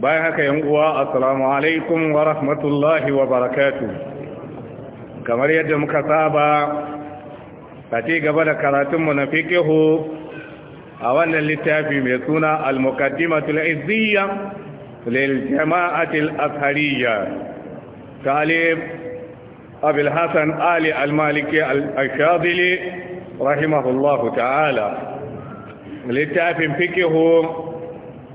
bayan haka yan uwa assalamu alaikum wa rahmatullahi wa barakatuh kamar yadda muka saba a ce gaba da karatunmu na fikihu a wannan littafi mai suna al-muqaddimatul izziya lil jama'atil azhariyya talib abul hasan ali al-maliki al shadili rahimahullahu ta'ala littafin fikihu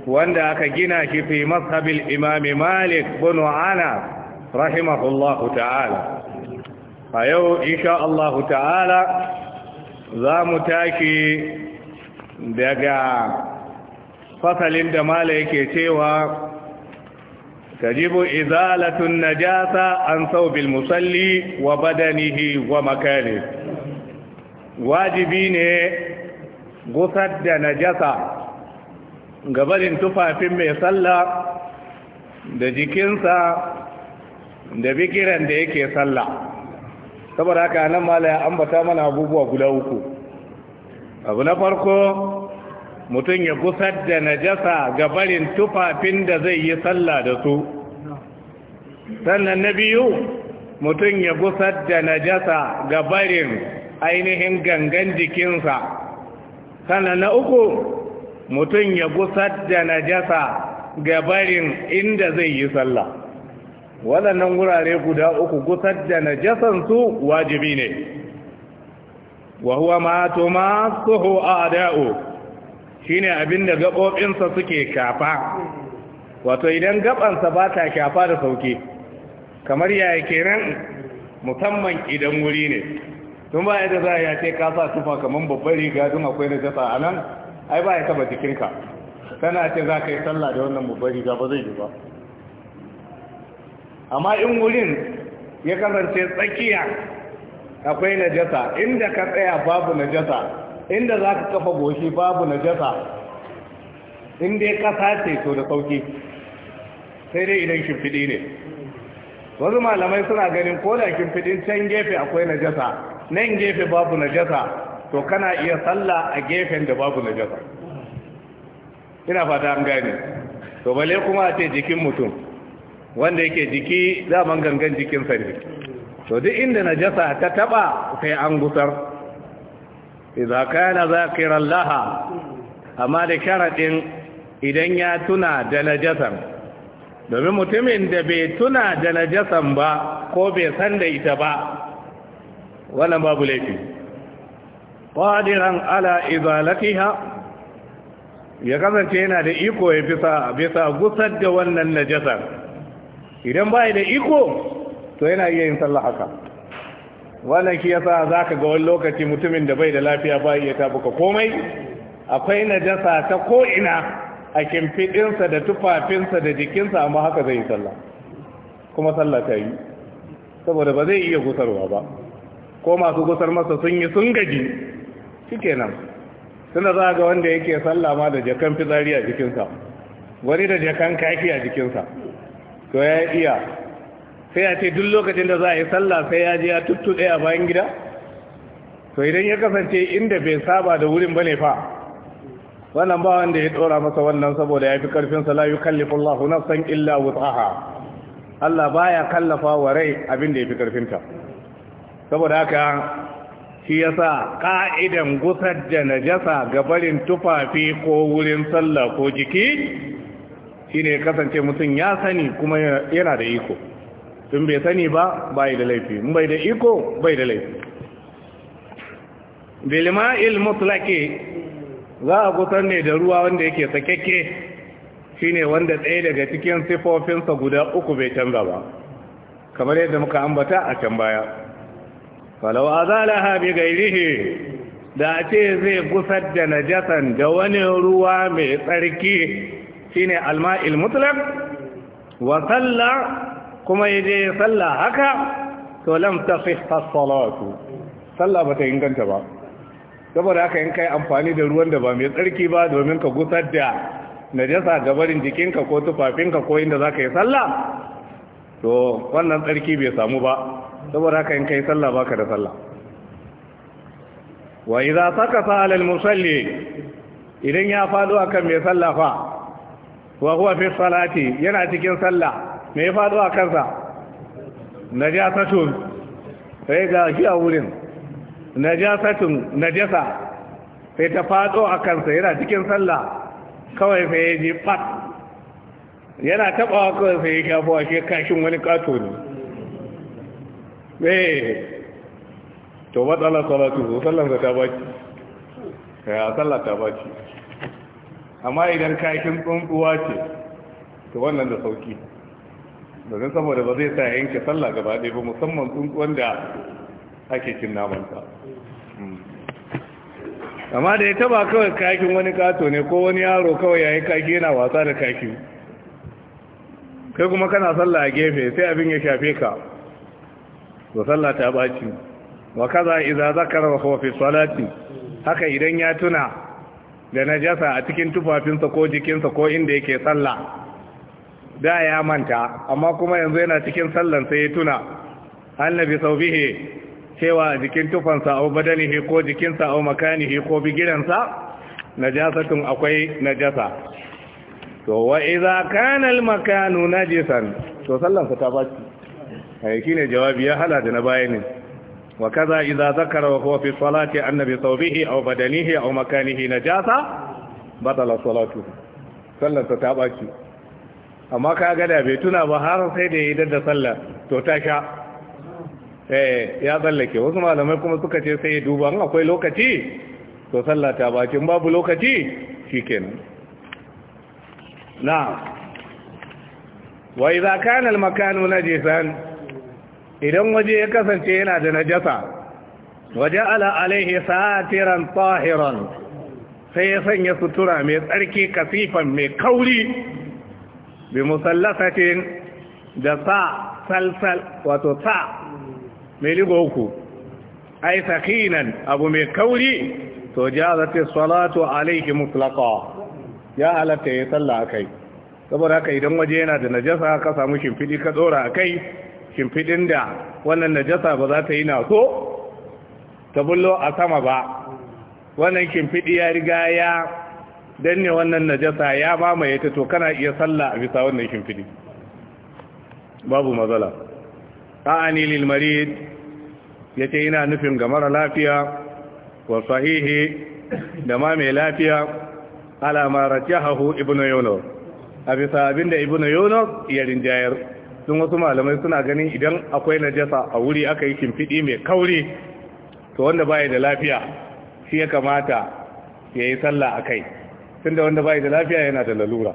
wanda aka gina shi fi mazhabil imami malik bin anas rahimahullahu ta'ala a yau insha Allah ta'ala za mu tashi daga fasalin da mala yake cewa tajibu izalatun najasa an saubil musalli wa badanihi wa makani wajibi ne gusar da najasa gabarin tufafin mai sallah da jikinsa da bikiran da yake sallah saboda haka nan malaya ambata mana abubuwa guda uku abu na farko mutum ya gusar da najasa gabarin tufafin da zai yi sallah da su sannan na biyu mutum ya gusar da najasa gabarin ainihin gangan jikinsa sannan na uku mutum ya gusar da najasa ga barin inda zai yi sallah waɗannan wurare guda uku gusar da najasansu wajibi ne wa huwa ma a shi ne shine abinda gaɓoɓinsa suke kafa wato idan gaɓansa ba ta kafa da sauki kamar yaya kenan musamman idan wuri ne tun ba yadda za a yace kasa sa tufa kamar babbar riga tun akwai najasa a nan ai ba ya taba jikinka tana ce za ka yi sallah da wannan mubari riga ba zai yi ba amma in wurin ya kasance tsakiya akwai najasa inda ka tsaya babu najasa inda za ka kafa goshi babu najasa inda ya kasa ce to da sauki sai dai idan shimfiɗi ne wasu malamai suna ganin ko da shimfiɗin can gefe akwai najasa nan gefe babu najasa to kana iya sallah a gefen da babu najasa ina fata an gane to bale kuma a ce jikin mutum wanda yake jiki za man gangan jikinsa ne to duk inda najasa ta taba sai an gusar idza kana zakira laha amma da sharadin idan ya tuna da najasan domin mutumin da bai tuna da najasan ba ko bai san da ita ba wannan babu laifi qadiran ala izalatiha ya kasance yana da iko ya bisa bisa gusar da wannan najasa idan bai da iko to yana iya yin sallah haka wannan shi yasa zaka ga wani lokaci mutumin da bai da lafiya ba iya tabuka komai akwai najasa ta ko ina a kimfidinsa da tufafinsa da jikinsa amma haka zai yi sallah kuma sallah ta yi saboda ba zai iya gusarwa ba ko masu gusar masa sun yi sun gaji shikenan tunda za ga wanda yake sallah ma da jakan fitsari a jikinsa wani da jakan kaki a jikinsa to ya iya sai ya ce duk lokacin da za a yi sallah sai ya je ya tuttu a bayan gida to idan ya kasance inda bai saba da wurin bane fa wannan ba wanda ya dora masa wannan saboda ya fi karfin sa la yukallifu Allahu nafsan illa wus'aha Allah baya kallafa wa rai abin da ya fi karfin saboda haka shi yasa ƙa'idan gusar da najasa ga barin tufafi ko wurin sallah ko jiki shine kasance mutum ya sani kuma yana da iko tun bai sani ba bai da laifi mun bai da iko bai da laifi bilma'il mutlaqi za a gusar ne da ruwa wanda yake sakekke shine wanda ɗaya daga cikin sifofinsa guda uku bai canza ba kamar yadda muka ambata a can baya falau azalaha bi gairihi da ce zai gusar da najasan da wani ruwa mai tsarki shine alma'il mutlaq wa salla kuma yaje salla haka to lam tasih as-salatu salla bata inganta ba saboda haka kai amfani da ruwan da ba mai tsarki ba domin ka gusar da najasa gabarin jikinka ko tufafinka ko inda ka yi sallah to wannan tsarki bai samu ba saboda haka in kai sallah baka da sallah wa idza 'ala al musalli idan ya fado akan mai sallah fa wa huwa fi salati yana cikin sallah mai ya fado akan sa najasatun sai ga shi a wurin najasatun najasa sai ta fado akan sa yana cikin sallah kawai sai ya ji pat yana tabawa kawai sai ya kafa shi kashin wani kato ne eh to tsala salatu sallan ka ta baki ya sallah ta baki amma idan kakin tsuntsuwa ce to wannan da sauki domin saboda ba zai sa yanke sallah gaba ɗaya ba musamman tsuntsuwan da ake cin namanta hmm. amma da ya taba kawai kakin wani kato ne ko wani yaro kawai yayi kaki yana wasa da kaki kai kuma kana sallah a gefe sai abin ya shafe ka to sallah ta baci wa kaza idza zakara wa huwa fi salati haka idan ya tuna da najasa a cikin tufafinsa ko jikinsa ko inda yake sallah da ya manta amma kuma yanzu yana cikin sallan sai ya tuna annabi saubihi cewa a jikin tufansa au badanihi ko jikinsa au makanihi ko bigiransa najasatun akwai najasa to wa idza kana al makanu najisan to sallansa ta baci Eh, shi ne jawabi ya hala da na ne wa kaza idza zakara wa huwa fi salati annabi tawbihi aw badanihi aw makanihi najasa batala salatu sallar ta baci amma ka ga da bai tuna ba har sai da idan da sallah to ta sha eh ya tsallake wasu malamai kuma suka ce sai duba in akwai lokaci to sallah ta baki in babu lokaci shikenan na wa idza kana al makanu najisan idan waje ya kasance yana da najasa waje ala alaihi satiran tahiran sai ya sanya sutura mai tsarki kasifan mai kauri bi musallasatin da sa salsal wato sa mai uku ai sakinan abu mai kauri to jazati salatu alaihi mutlaqa ya halatta ya salla akai saboda haka idan waje yana da najasa ka samu shimfidi ka dora akai shimfidin da wannan najasa ba za ta yi na so ta bullo a sama ba wannan shimfidi ya riga ya danne wannan najasa ya mamaye ta to kana iya sallah a bisa wannan shimfidi babu matsala ta'ani lil marid ce ina nufin ga mara lafiya wa sahihi da ma mai lafiya ala ma rajahahu ibnu yunus a bisa abinda ibnu yunus ya rinjayar sun wasu malamai suna ganin idan akwai najasa a wuri aka yi shimfiɗi mai kauri to wanda baya da lafiya shi ya kamata ya yi sallah a kai da wanda baya da lafiya yana da lalura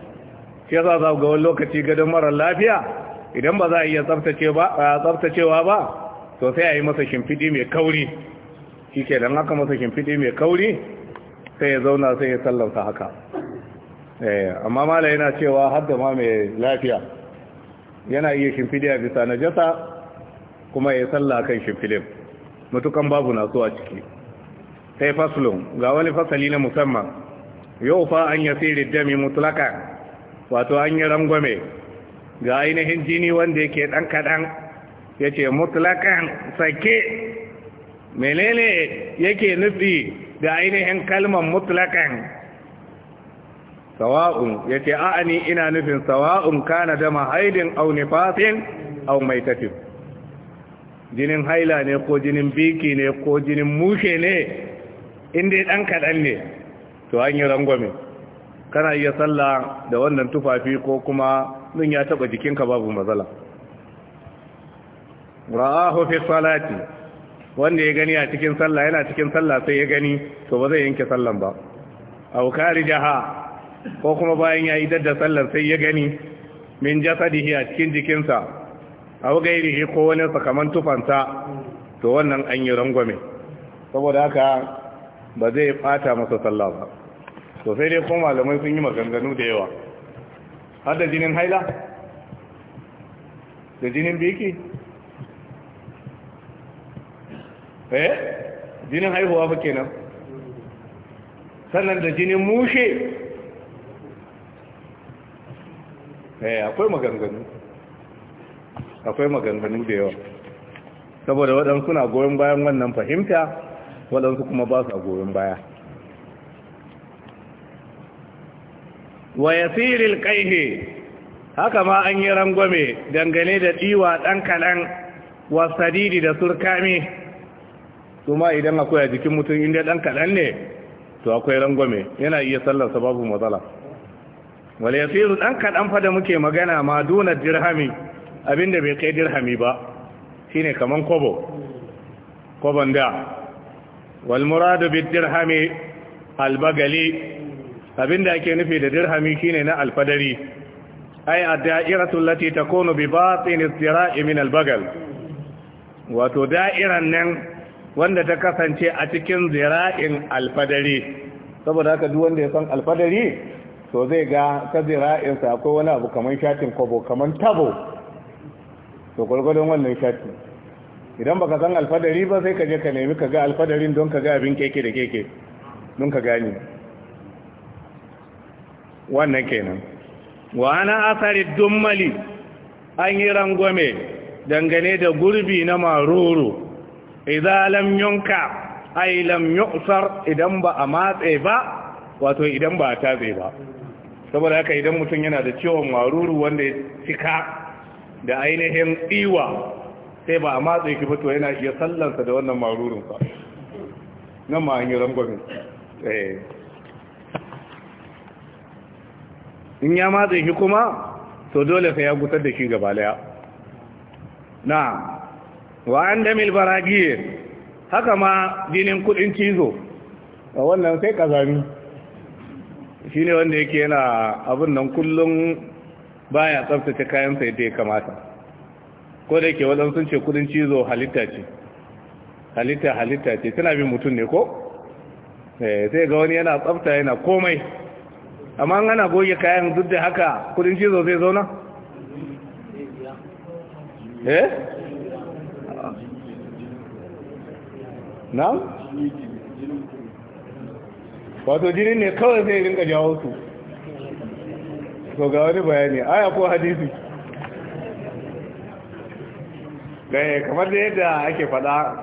shi ya za ga wani lokaci gadon marar lafiya idan ba za a iya tsaftacewa ba to sai a yi masa shimfiɗi mai kauri shi ke don haka masa shimfiɗi mai kauri sai ya zauna sai ya sallauta haka eh, amma mala yana cewa har da ma mai lafiya yana iya shimfide a bisa najasa kuma ya salla kan shimfide matukan babu na a ciki sai faslun ga wani fasali na musamman yau fa an yi yasiri dami mutulaka wato an yi rangwame ga ainihin jini wanda yake dan kadan ya ce mutlakan sake menene yake nufi da ainihin kalmar mutlakan sawa'un yace a'a ni ina nufin sawa'un kana dama haidin aw nifasin aw maitatin jinin haila ne ko jinin biki ne ko jinin mushe ne inda dan kadan ne to an yi rangwame kana iya sallah da wannan tufafi ko kuma nun ya taba jikinka babu matsala ra'ahu fi salati wanda ya gani a cikin sallah yana cikin sallah sai ya gani to ba zai yanke sallan ba aw karijaha ko kuma bayan ya yi dadda sallar sai ya gani min jasadihi a cikin jikinsa a yi gairihi ko wani sakaman tufansa to wannan an yi rangwame saboda haka ba zai fata masa sallah ba to sai dai kuma malamai sun yi maganganu da yawa har da jinin haila da jinin biki eh jinin haihuwa ba kenan sannan da jinin mushe Eh, akwai maganganu akwai maganganu da yawa saboda waɗansu na goyon bayan wannan fahimta waɗansu kuma ba su a goyon baya wa yasiril qaihi haka ma an yi rangwame dangane da diwa dan kalan wasadidi da surkami kuma idan akwai a jikin mutum inda dan kalan ne to akwai rangwame yana iya sallar babu matsala wale ya firu ɗan kaɗan fa da muke magana ma duna dirhami abinda bai kai dirhami ba shi ne kaman kwabo kwabon da walmuradu bi dirhami albagali abinda ake nufi da dirhami shine na alfadari ai a da'iratu lati takunu bi batin istira'i albagal wato da'iran nan wanda ta kasance a cikin zira'in alfadari saboda haka duk wanda ya san alfadari to zai ga ta zira'insa akwai wani abu kamar shatin kwabo kamar tabo to gwargwadon wannan shatin idan baka san alfadari ba sai ka je ka nemi ka ga alfadarin don ka ga abin keke da keke don ka gani wannan kenan wa ana asari dummali an yi rangwame dangane da gurbi na maroro idza lam yunka ay lam yu'sar idan ba a matse ba wato idan ba a tatse ba saboda haka idan mutum yana da ciwon maruru wanda ya cika da ainihin iwa sai ba a matsa yake fito yana iya sallansa da wannan marurunsa nan ma an yi rangwamin eh. in ya matsa yake kuma to dole sai ya gutar da shi gaba daya na wa an damil baragiyar haka ma jinin kudin cizo a wannan sai kazami shi ne wanda yake yana abin nan kullum baya tsaftace kayansa yadda ya kamata ko da yake waɗansu ce kudin cizo halitta ce halitta halitta ce tana bin mutum ne ko eh, sai ga wani yana tsafta yana komai amma ana goge kayan duk da haka kudin cizo zai zauna eh na wato jirin ne kawai zai rinka jawo su So ga wani bayani aya ko hadisi gaya eh, kamar da yadda ake fada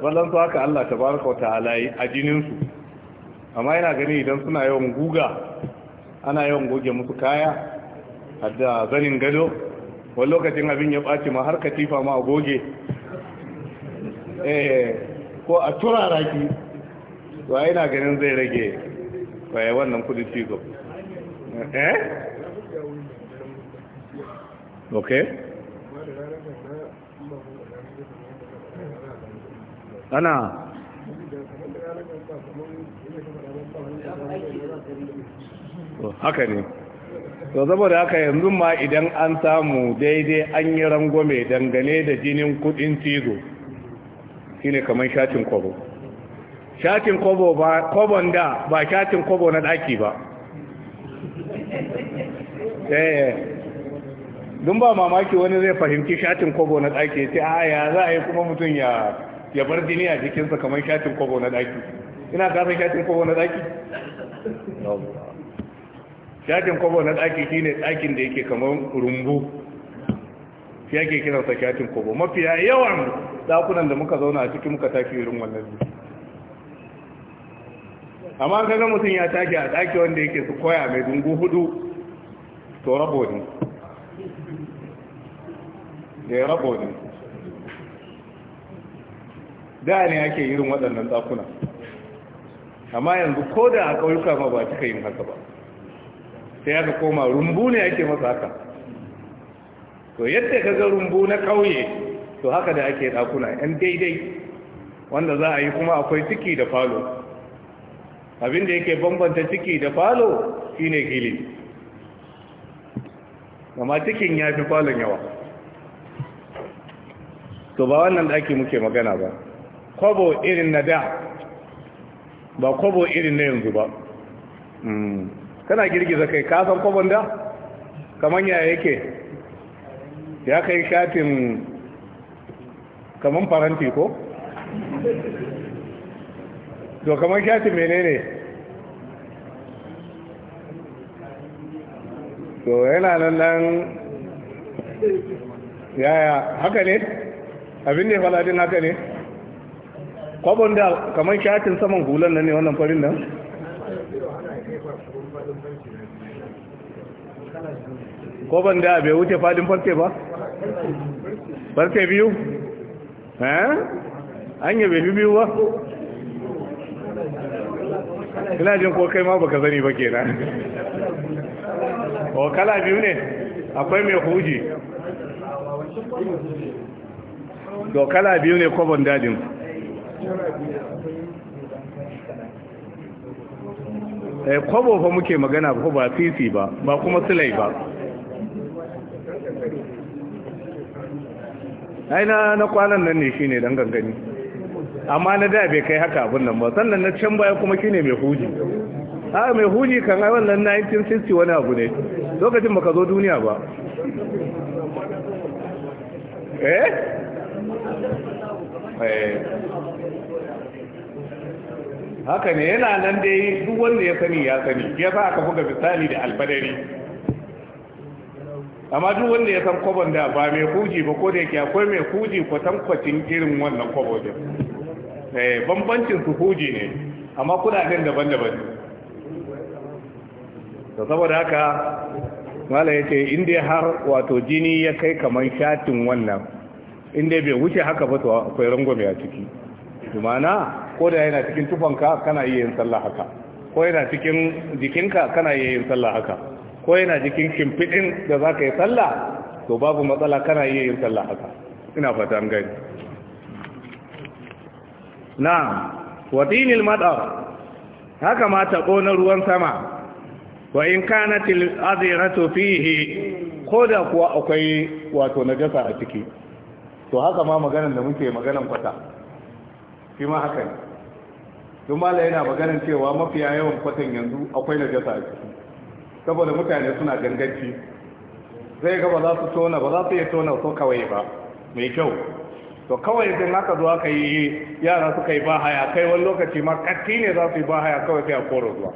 su haka Allah ta baraka wa ta'ala a jininsu amma yana gani idan suna yawan guga ana yawan goge musu kaya hadda zanin gado wani lokacin abin ya ɓaci ma har katifa ma a goge eh, ko a turara to ai ganin zai rage waye wannan kudi cigo eh okay ana haka ne to saboda haka yanzu ma idan an samu daidai an yi rangwame dangane da jinin kudin tigo, shine kamar shatin kwaro shatin kobo ba kobon da ba shatin kobo na daki ba eh, eh. dun ba mamaki wani zai fahimci shatin kobo na daki ya ce a ah, ya za a yi kuma mutum ya ya bar jini a jikinsa kamar shatin kobo na daki ina kafin shatin kobo na daki shatin kobo na daki shine dakin da yake kamar rumbu shi yake kiransa shatin kobo mafiya yawan dakunan da muka zauna a cikin muka tafi irin wannan jiki amma ga mutum ya take a daki wanda yake su koya mai dungu hudu to rabo ne da eh, ya rabo ne da ne ake irin waɗannan tsakuna amma yanzu ko da a ƙauyuka ma ba cika yin haka ba sai aka koma rumbu ne ake masa haka to yadda ka ga rumbu na ƙauye to haka da ake ɗakuna 'yan daidai wanda za a yi kuma akwai ciki da falo abin da yake bambanta ciki da falo shine gili amma cikin ya fi falon yawa to ba wannan ake muke magana ba kwabo irin na da ba kwabo irin na yanzu ba hmm. kana girgiza kai kasan kwabon da kamar ya yake ya kai shatin kamar faranti ko to kamar shatin menene to yana nan nan yaya haka ne abin ne faladin haka ne kwabon da kamar shatin saman hulan nan ne wannan farin nan kwabon da bai wuce fadin farce ba farce biyu eh an yi bai biyu ba ina jin ko kai ma baka zani ba kenan o kala biyu ne akwai mai huji to kala biyu ne kwabon dajin eh kwabo fa muke magana ko ba fifi ba ba kuma silai ba aina na na kwanan nan ne shine dan gangani amma na da bai kai haka abun nan ba sannan na can baya kuma shine mai huji a ah, mai huji kan ai wannan 1960 wani abu ne lokacin baka zo duniya ba eh? eh haka ne yana nan dai duk wanda ya sani ya sani ya sa aka buga misali da albadari amma duk wanda ya san kwabon da ba mai kuji ba ko da yake akwai mai kuji kwacin irin wannan kwabo din eh bambancin su kuji ne amma kudaden daban-daban ne to saboda haka mala ya ce inda har wato jini ya kai kamar shatin wannan inda bai wuce haka ba to akwai rangwame a ciki dumana ko da yana cikin tufanka kana iya yin sallah haka ko yana cikin jikinka kana iya yin sallah haka ko yana jikin kimfidin da za ka yi sallah to babu matsala kana iya yin sallah haka ina fata an gani na watinil madar haka ma taɓo na ruwan sama wa in til aziratu fihi ko da kuwa akwai wato najasa a ciki to haka ma maganar da muke maganar kwata shi ma haka ne don mala yana maganar cewa mafiya yawan kwatan yanzu akwai najasa a ciki saboda mutane suna ganganci zai ga ba za su tona ba za su iya tona so kawai ba mai kyau to kawai idan haka zuwa ka yi yara suka yi ba haya kai wani lokaci ma katti ne za su yi ba haya kawai sai a koro zuwa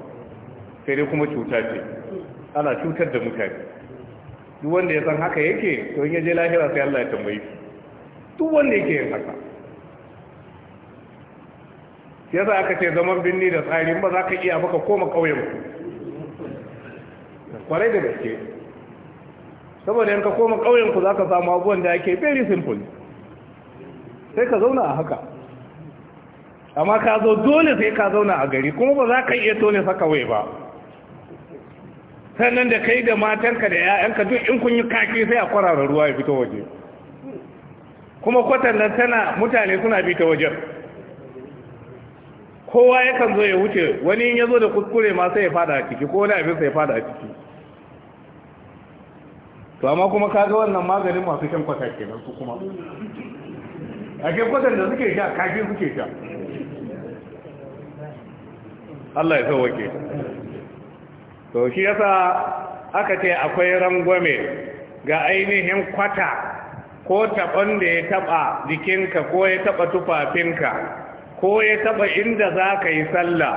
sai dai kuma cuta ce ana cutar da mutane duk wanda ya san haka yake to in ya je lahira sai Allah ya tambaye shi duk wanda yake yin haka za aka ce zaman binni da tsari ba za ka iya baka koma kauyen ku kwarai da gaske saboda yanka koma kauyen ku za ka samu abubuwan da ake very simple sai ka zauna a haka amma ka zo dole sai ka zauna a gari kuma ba za ka iya tone saka wai ba sannan da kai da matanka da 'ya'yanka duk in kun yi kaki sai a kwararra ruwa ya fito waje kuma kwatan nan tana mutane suna bi ta wajen kowa yakan zo ya wuce wani ya zo da kuskure ma sai ya fada a ciki ko wani abin sai ya fada a ciki to amma kuma kaga wannan maganin masu shan kwata nan su kuma a ke kwatan da suke sha kafin suke sha Allah ya sauwake to shi yasa aka ce akwai rangwame ga ainihin kwata ko taɓon da ya taɓa jikinka ko ya taɓa tufafinka ko ya taɓa inda za ka yi sallah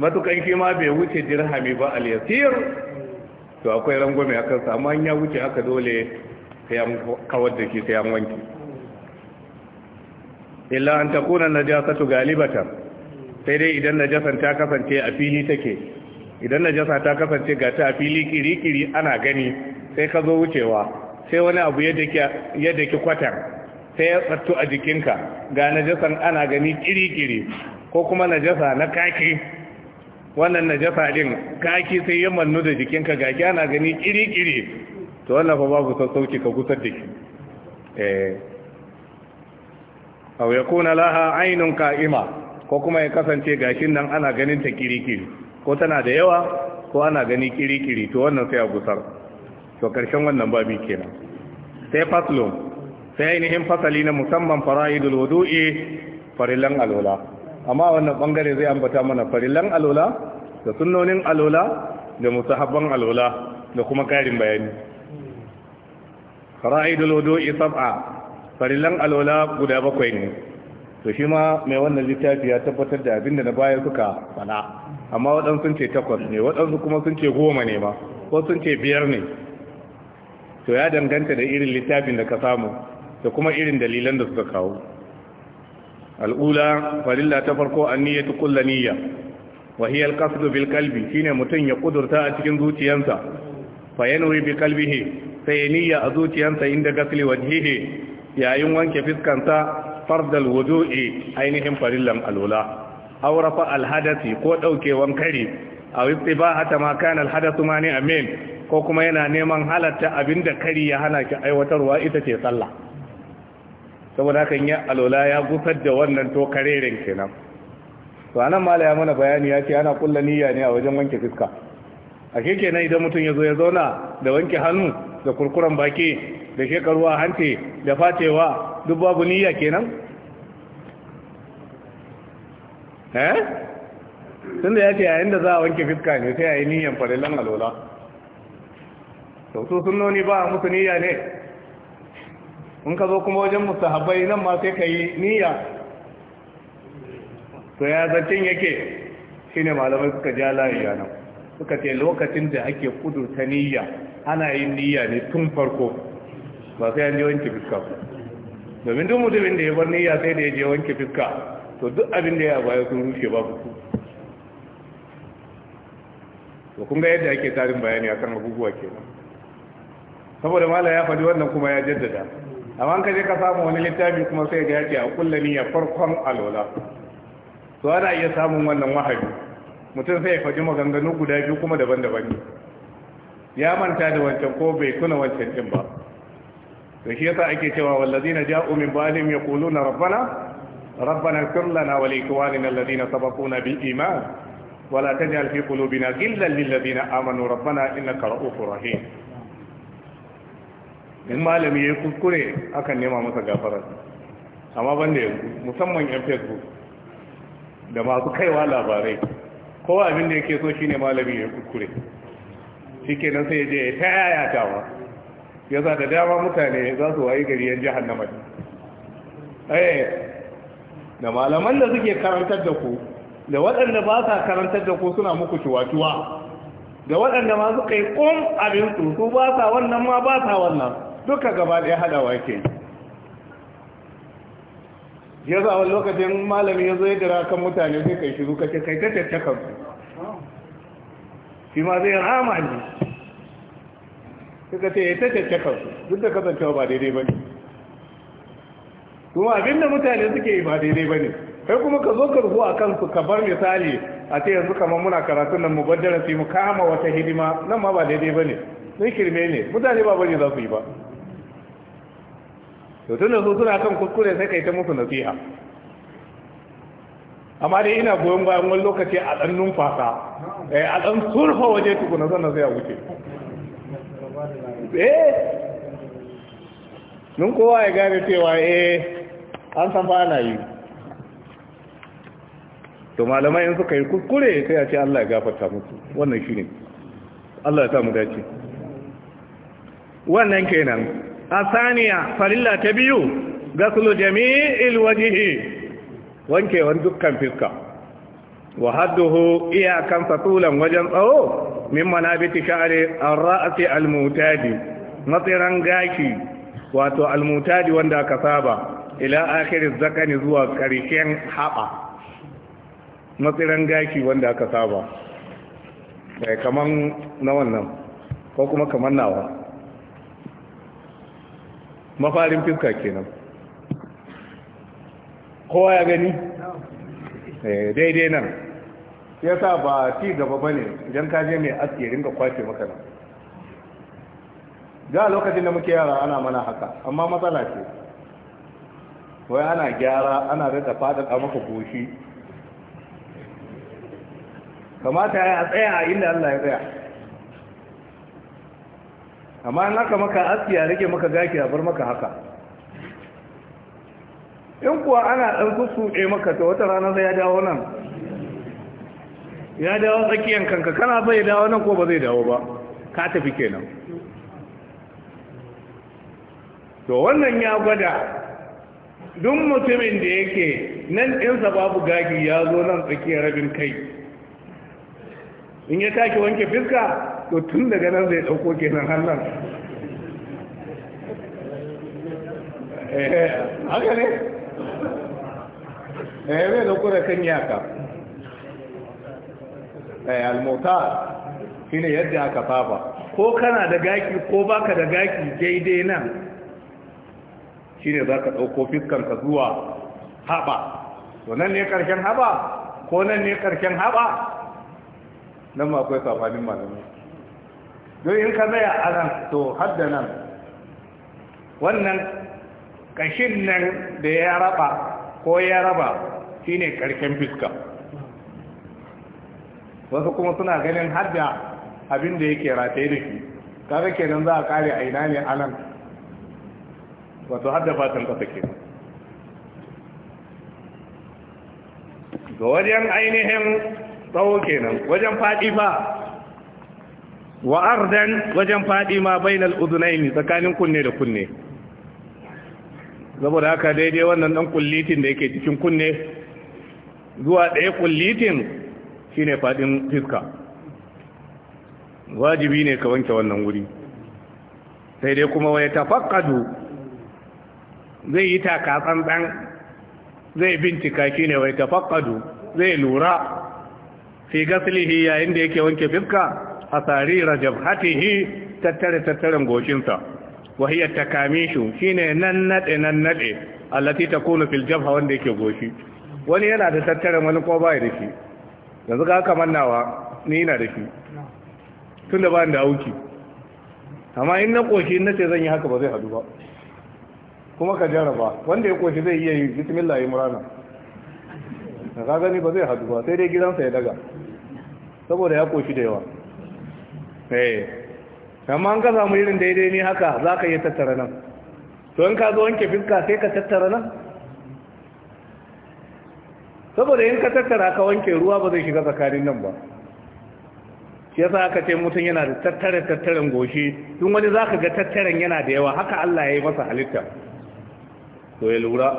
matukan ma bai wuce dirhami ba al-yasir to akwai rangwame a kansa amma ya wuce haka dole kawar da shi ta an wanki illa an takuna tu galibatan sai dai idan najasan ta kasance a fili take idan najasa ta kasance ga ta fili kiri-kiri ana gani sai ka zo wucewa sai wani abu yadda ki kwatar sai ya tsattu a jikinka ga najasan ana gani kiri-kiri ko kuma najasa na kaki wannan najasa din kaki sai ya mannu da jikinka ga ki ana gani kiri-kiri to wannan fa babu sassauki ka kusur da ki eh aw yakuna laha aynun qa'ima ko kuma ya kasance gashin nan ana ganin ta kiri-kiri ko tana da yawa ko ana gani kiri-kiri to wannan sai a gusar to karshen wannan babi kenan sai faslun sai ainihin fasali na musamman fara'idul wudu'i farilan alola amma wannan bangare zai ambata mana farilan alola da sunnonin alola da musahabban alola da kuma karin bayani fara'idul wudu'i sab'a farilan alola guda bakwai ne to shi ma mai wannan littafi ya tabbatar da abinda na baya suka fada amma waɗansu sun ce takwas ne waɗansu kuma sun ce goma ne ma ko sun ce biyar ne to ya danganta da irin littafin da ka samu da kuma irin dalilan da suka kawo al'ula falilla ta farko an niyya ta kulla niyya wa hiya bil qalbi shine mutun ya kudurta a cikin zuciyarsa fa yanwi bi qalbihi sai niyya a zuciyarsa inda gasli wajhihi yayin wanke fiskansa fardal wudu'i ainihin farillan alula aurafa alhadasi ko daukewan kari aw istibahata ma kana alhadathu mani amin ko kuma yana neman halatta abinda kari ya hana ki aiwatarwa ita ce sallah saboda kan ya alola ya gufar da wannan to kareren kenan to anan mala ya mana bayani ya ce ana kulla niyya ne a wajen wanke fiska a kenan idan mutum ya zo ya zauna da wanke hannu da kurkuran baki da shekaruwa hante da fatewa duk babu niyya kenan eh sun da ya ce yayin da za a wanke fiska ne sai a yi niyyan farilan alola to sun noni ba a musu niyya ne in ka zo kuma wajen habai nan ma sai ka yi niyya to ya zancen yake shine malamai suka ja layi nan suka ce lokacin da ake ta niyya ana yin niyya ne tun farko ba sai an ji wanke fiska ku domin duk mutumin da ya bar niyya sai da ya je wanke fuska to duk abin da ya baya sun rushe ba ku to kun ga yadda ake tarin bayani akan abubuwa kenan saboda mala ya faɗi wannan kuma ya jaddada amma an kaje ka samu wani littafi kuma sai ga yake a kulla niyya farkon alwala to ana iya samun wannan wahabi mutum sai ya faɗi maganganu guda biyu kuma daban-daban ne ya manta da wancan ko bai tuna wancan din ba to shi yasa ake cewa wallazina ja'u min ba'dihim yaquluna rabbana ربنا اغفر لنا ولإخواننا الذين سبقونا بالإيمان ولا تجعل في قلوبنا غلا للذين آمنوا ربنا إنك رؤوف رحيم in malami ya kuskure akan nema masa gafarar amma ban da musamman yan facebook da masu kaiwa labarai kowa abin da yake so shine malami ya kuskure shi kenan sai ya je ya ta yayatawa Ya za da dama mutane za su wayi gari yan jahannama eh da malaman da suke karantar da ku da waɗanda ba sa karantar da ku suna muku ciwatuwa da waɗanda ma suka yi kun abin su su ba sa wannan ma ba sa wannan duka gaba ɗaya haɗawa ke ya za wani lokacin malami ya zo ya jira kan mutane sai kai shi zuka ce kai ta tattakan su shi ma zai rama ne suka ce ya ta caccakar duk da kasancewa ba daidai ba ne kuma abinda mutane suke yi ba daidai ba ne kai kuma ka zo karfu a kansu ka bar misali a ce yanzu kamar muna karatun nan mu bar darasi mu kama wata hidima nan ma ba daidai ba ne sun kirme ne mutane ba bari za su yi ba to tun da su suna kan kuskure sai kai ta musu nasiha amma dai ina goyon bayan wani lokaci a ɗan numfasa eh, a ɗan sulhu waje tukuna sannan sai a wuce nun eh? kowa ya gane cewa eh an san ba na yi to malamai in suka yi kuskure sai a ce Allah ya gafarta musu wannan ne Allah ya sa mu dace wannan kenan asaniya farilla ta biyu gaslu jami'il wanke wani dukkan fiska wa hadduhu iyakan fasulan wajen tsawo min manabiti sha'ari ar-ra'si al-mutadi matsiran gashi wato al-mutadi wanda aka saba ila akhir zakani zuwa karshen haba matsiran gashi wanda aka saba bai kaman na wannan ko kuma kaman nawa mafarin fiska kenan kowa ya gani eh, daidai nan ya sa ba ci gaba ba ne idan ka je mai aski ringa kwace maka nan ga lokacin da muke yara ana mana haka amma matsala ce wai ana gyara ana rika fadada maka goshi kamata ya tsaya a inda Allah ya tsaya amma in haka maka aski ya rike maka gaki a bar maka haka in kuwa ana ɗan sussuɗe maka ta wata rana zai ya dawo nan ya dawo tsakiyan kanka kana zai dawo nan ko ba zai dawo ba ka tafi kenan to wannan ya gwada duk mutumin da yake nan ɗinsa babu gagi ya zo nan tsakiyar rabin kai in ya tashi wanke fiska to tun daga nan zai ɗauko kenan hannun eh haka ne eh zai ɗauko da kan yaka Eh, almota shine yadda aka fafa ko kana da gaki ko baka da gaki daidai nan shine za ka ɗauko ka zuwa haɓa to nan ne ƙarshen haɓa ko nan ne ƙarshen haɓa nan ma akwai safanin malami don in ka zaya a nan to hadda nan wannan ƙashin nan da ya raba ko ya raba shine ƙarshen fiska wasu kuma suna ganin har da abin da yake rataye da shi kaga kenan za a kare a ina ne anan wato har da fatan kasa ke ga wajen ainihin tsawo kenan wajen faɗi ba wa ardan wajen faɗi ma bainal uzunaini tsakanin kunne da kunne saboda haka daidai wannan ɗan kullitin da yake cikin kunne zuwa ɗaya kullitin Shi ne faɗin fiska wajibi ne ka wanke wannan wuri sai dai kuma waya tafakkadu zai yi taka tsantsan zai bincika ne waya tafakkadu zai lura fi gaslihi yayin da yake wanke fiska a tsarira jabhatihi tattare tattaren goshinsa wahiyar Shi ne nan nade nan nade allati takunu filjab jabha wanda yake goshi wani yana da tattaren wani ko bai da shi yanzu ka haka mannawa ni na da shi tun da ba da auki amma in na koshi na ce zan yi haka ba zai hadu ba kuma ka jaraba wanda ya koshi zai iya yi bismillah ya murana da ka gani ba zai hadu ba sai dai gidansa ya daga saboda ya koshi da yawa eh amma an ka samu irin daidai ne haka za ka iya tattara nan to in ka zo wanke fiska sai ka tattara nan saboda in ka tattara ka wanke ruwa ba zai shiga tsakanin nan ba shi yasa aka ce mutum yana da tattare tattaren goshi tun wani zaka ga tattaren yana da yawa haka Allah ya yi masa halitta to ya lura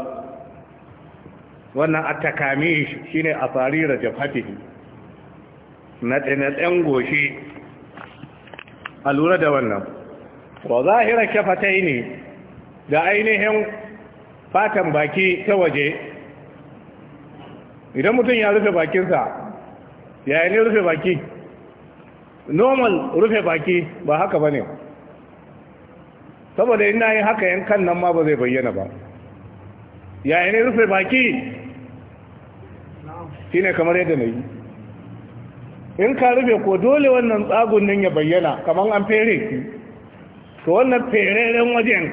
wannan attakami shine da jafafi na tsanatsen goshi a lura da wannan wa zahirar shafatai ne da ainihin fatan baki ta waje idan mutum ya rufe bakinsa yaya ne rufe baki normal rufe baki ba haka ba ne saboda ina yi haka kan nan ma ba zai bayyana ba yaya ne rufe baki Shi ne kamar yadda na yi in ka rufe ko dole wannan tsagun nan ya bayyana kamar an fere shi to wannan fereren wajen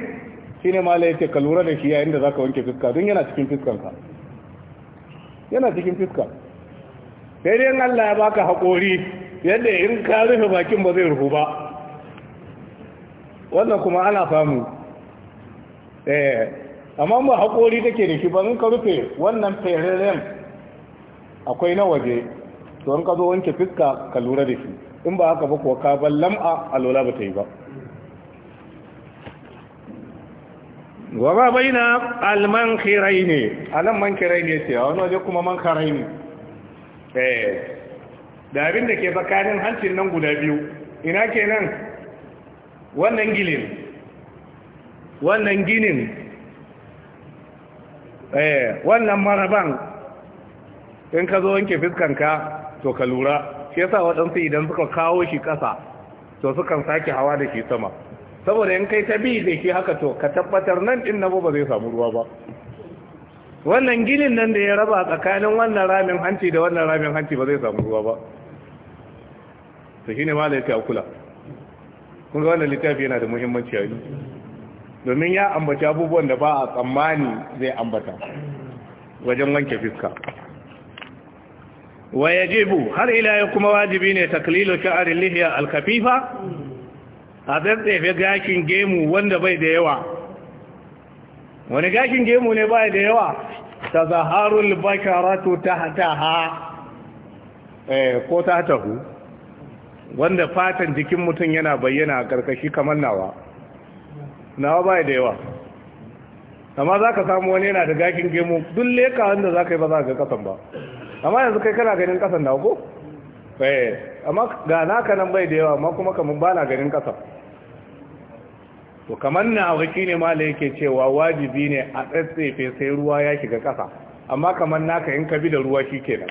ne ma laifin yake ka lura da shi yayin da ka wanke fuska don yana cikin fuskanka yana cikin fiska sai dai Allah ya baka haƙori yadda in ka rufe bakin ba zai rufu ba wannan kuma ana samu eh amma ba haƙori take da shi ba in ka rufe wannan fereren akwai na waje to in ka zo wanke fiska ka lura da shi in ba haka ba kuwa ka ban lam'a a lola ba ta yi ba wa ba alman kirai ne man kirai ne ce a wani waje kuma mankarai ne eh da abin da ke tsakanin hancin nan guda biyu ina kenan wannan gilin wannan ginin eh wannan maraban in ka zo wanke fiskanka to ka lura shi yasa waɗansu idan suka kawo shi ƙasa to sukan sake hawa da shi sama saboda in kai ta bi da shi haka to ka tabbatar nan din nabo ba zai samu ruwa ba wannan ginin nan da ya raba tsakanin wannan ramin hanci da wannan ramin hanci ba zai samu ruwa ba to shine ma da a kula kun ga wannan littafi yana da muhimmanci a yi. domin ya ambaci abubuwan da ba a tsammani zai ambata wajen wanke fiska wa yajibu har ila ya kuma wajibi ne taklilu sha'arin lihiya alkafifa a tsatsefe gashin gemu wanda bai da yawa wani gashin gemu ne bai da yawa ta zaharul basharatu ta hataha eh, ko ta hatahu wanda fatan jikin mutum yana bayyana a karkashi kamar nawa nawa bai da yawa amma za ka samu wani yana da gashin gemu duk leka wanda za ka yi ba za ka ga kasan ba amma yanzu kai kana ganin kasan nawa ko? Eh, amma ga naka nan bai da yawa amma kuma kamar ba na ganin kasa to kamar na hauki ne mala yake cewa wajibi ne a tsatsefe sai ruwa ya shiga ƙasa amma kamar naka in ka bi da ruwa shi kenan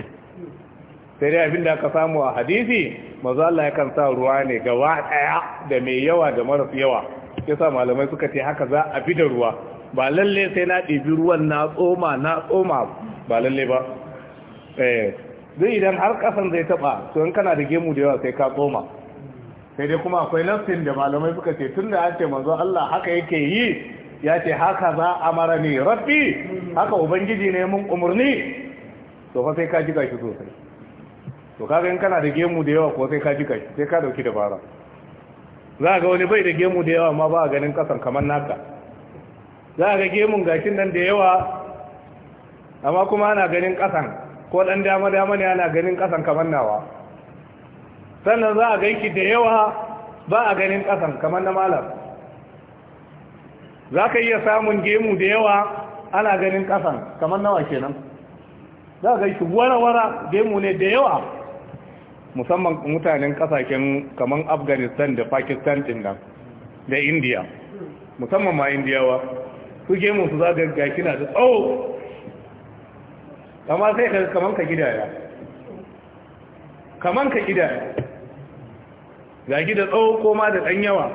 sai dai da aka samu a hadisi maza Allah ya kan sa ruwa ne gaba ɗaya da mai yawa da maras yawa yasa malamai suka ce haka za a bi da ruwa ba lalle sai na ɗibi ruwan na tsoma na tsoma ba lalle ba eh idan har ƙasan zai taɓa to in kana da gemu da yawa sai ka tsoma sai dai kuma akwai nassin da malamai suka ce tun da ake manzo Allah haka yake yi ya ce haka za a mara ne rabbi haka ubangiji ne mun umarni to fa sai ka jika shi sosai to kaga in kana da gemu da yawa ko sai ka jika shi sai ka dauki dabara za ga wani bai da gemu da yawa ma ba a ganin kasan kamar naka za ga gemun gashin nan da yawa amma kuma ana ganin kasan ko dan dama dama ne ana ganin kasan kamar nawa sannan za a ganki da yawa ba a ganin ƙasan kamar na malam za ka iya samun gemu da yawa ana ganin ƙasan kamar nawa kenan za a ganki wara-wara gemu ne da yawa musamman mutanen ƙasashen kamar afghanistan da pakistan ɗin nan da indiya musamman ma indiyawa su gemu su za a gaki na da tsawo amma sai kamar ka gidaya kamar ka gidaya ga gida tsawo koma da ɗan yawa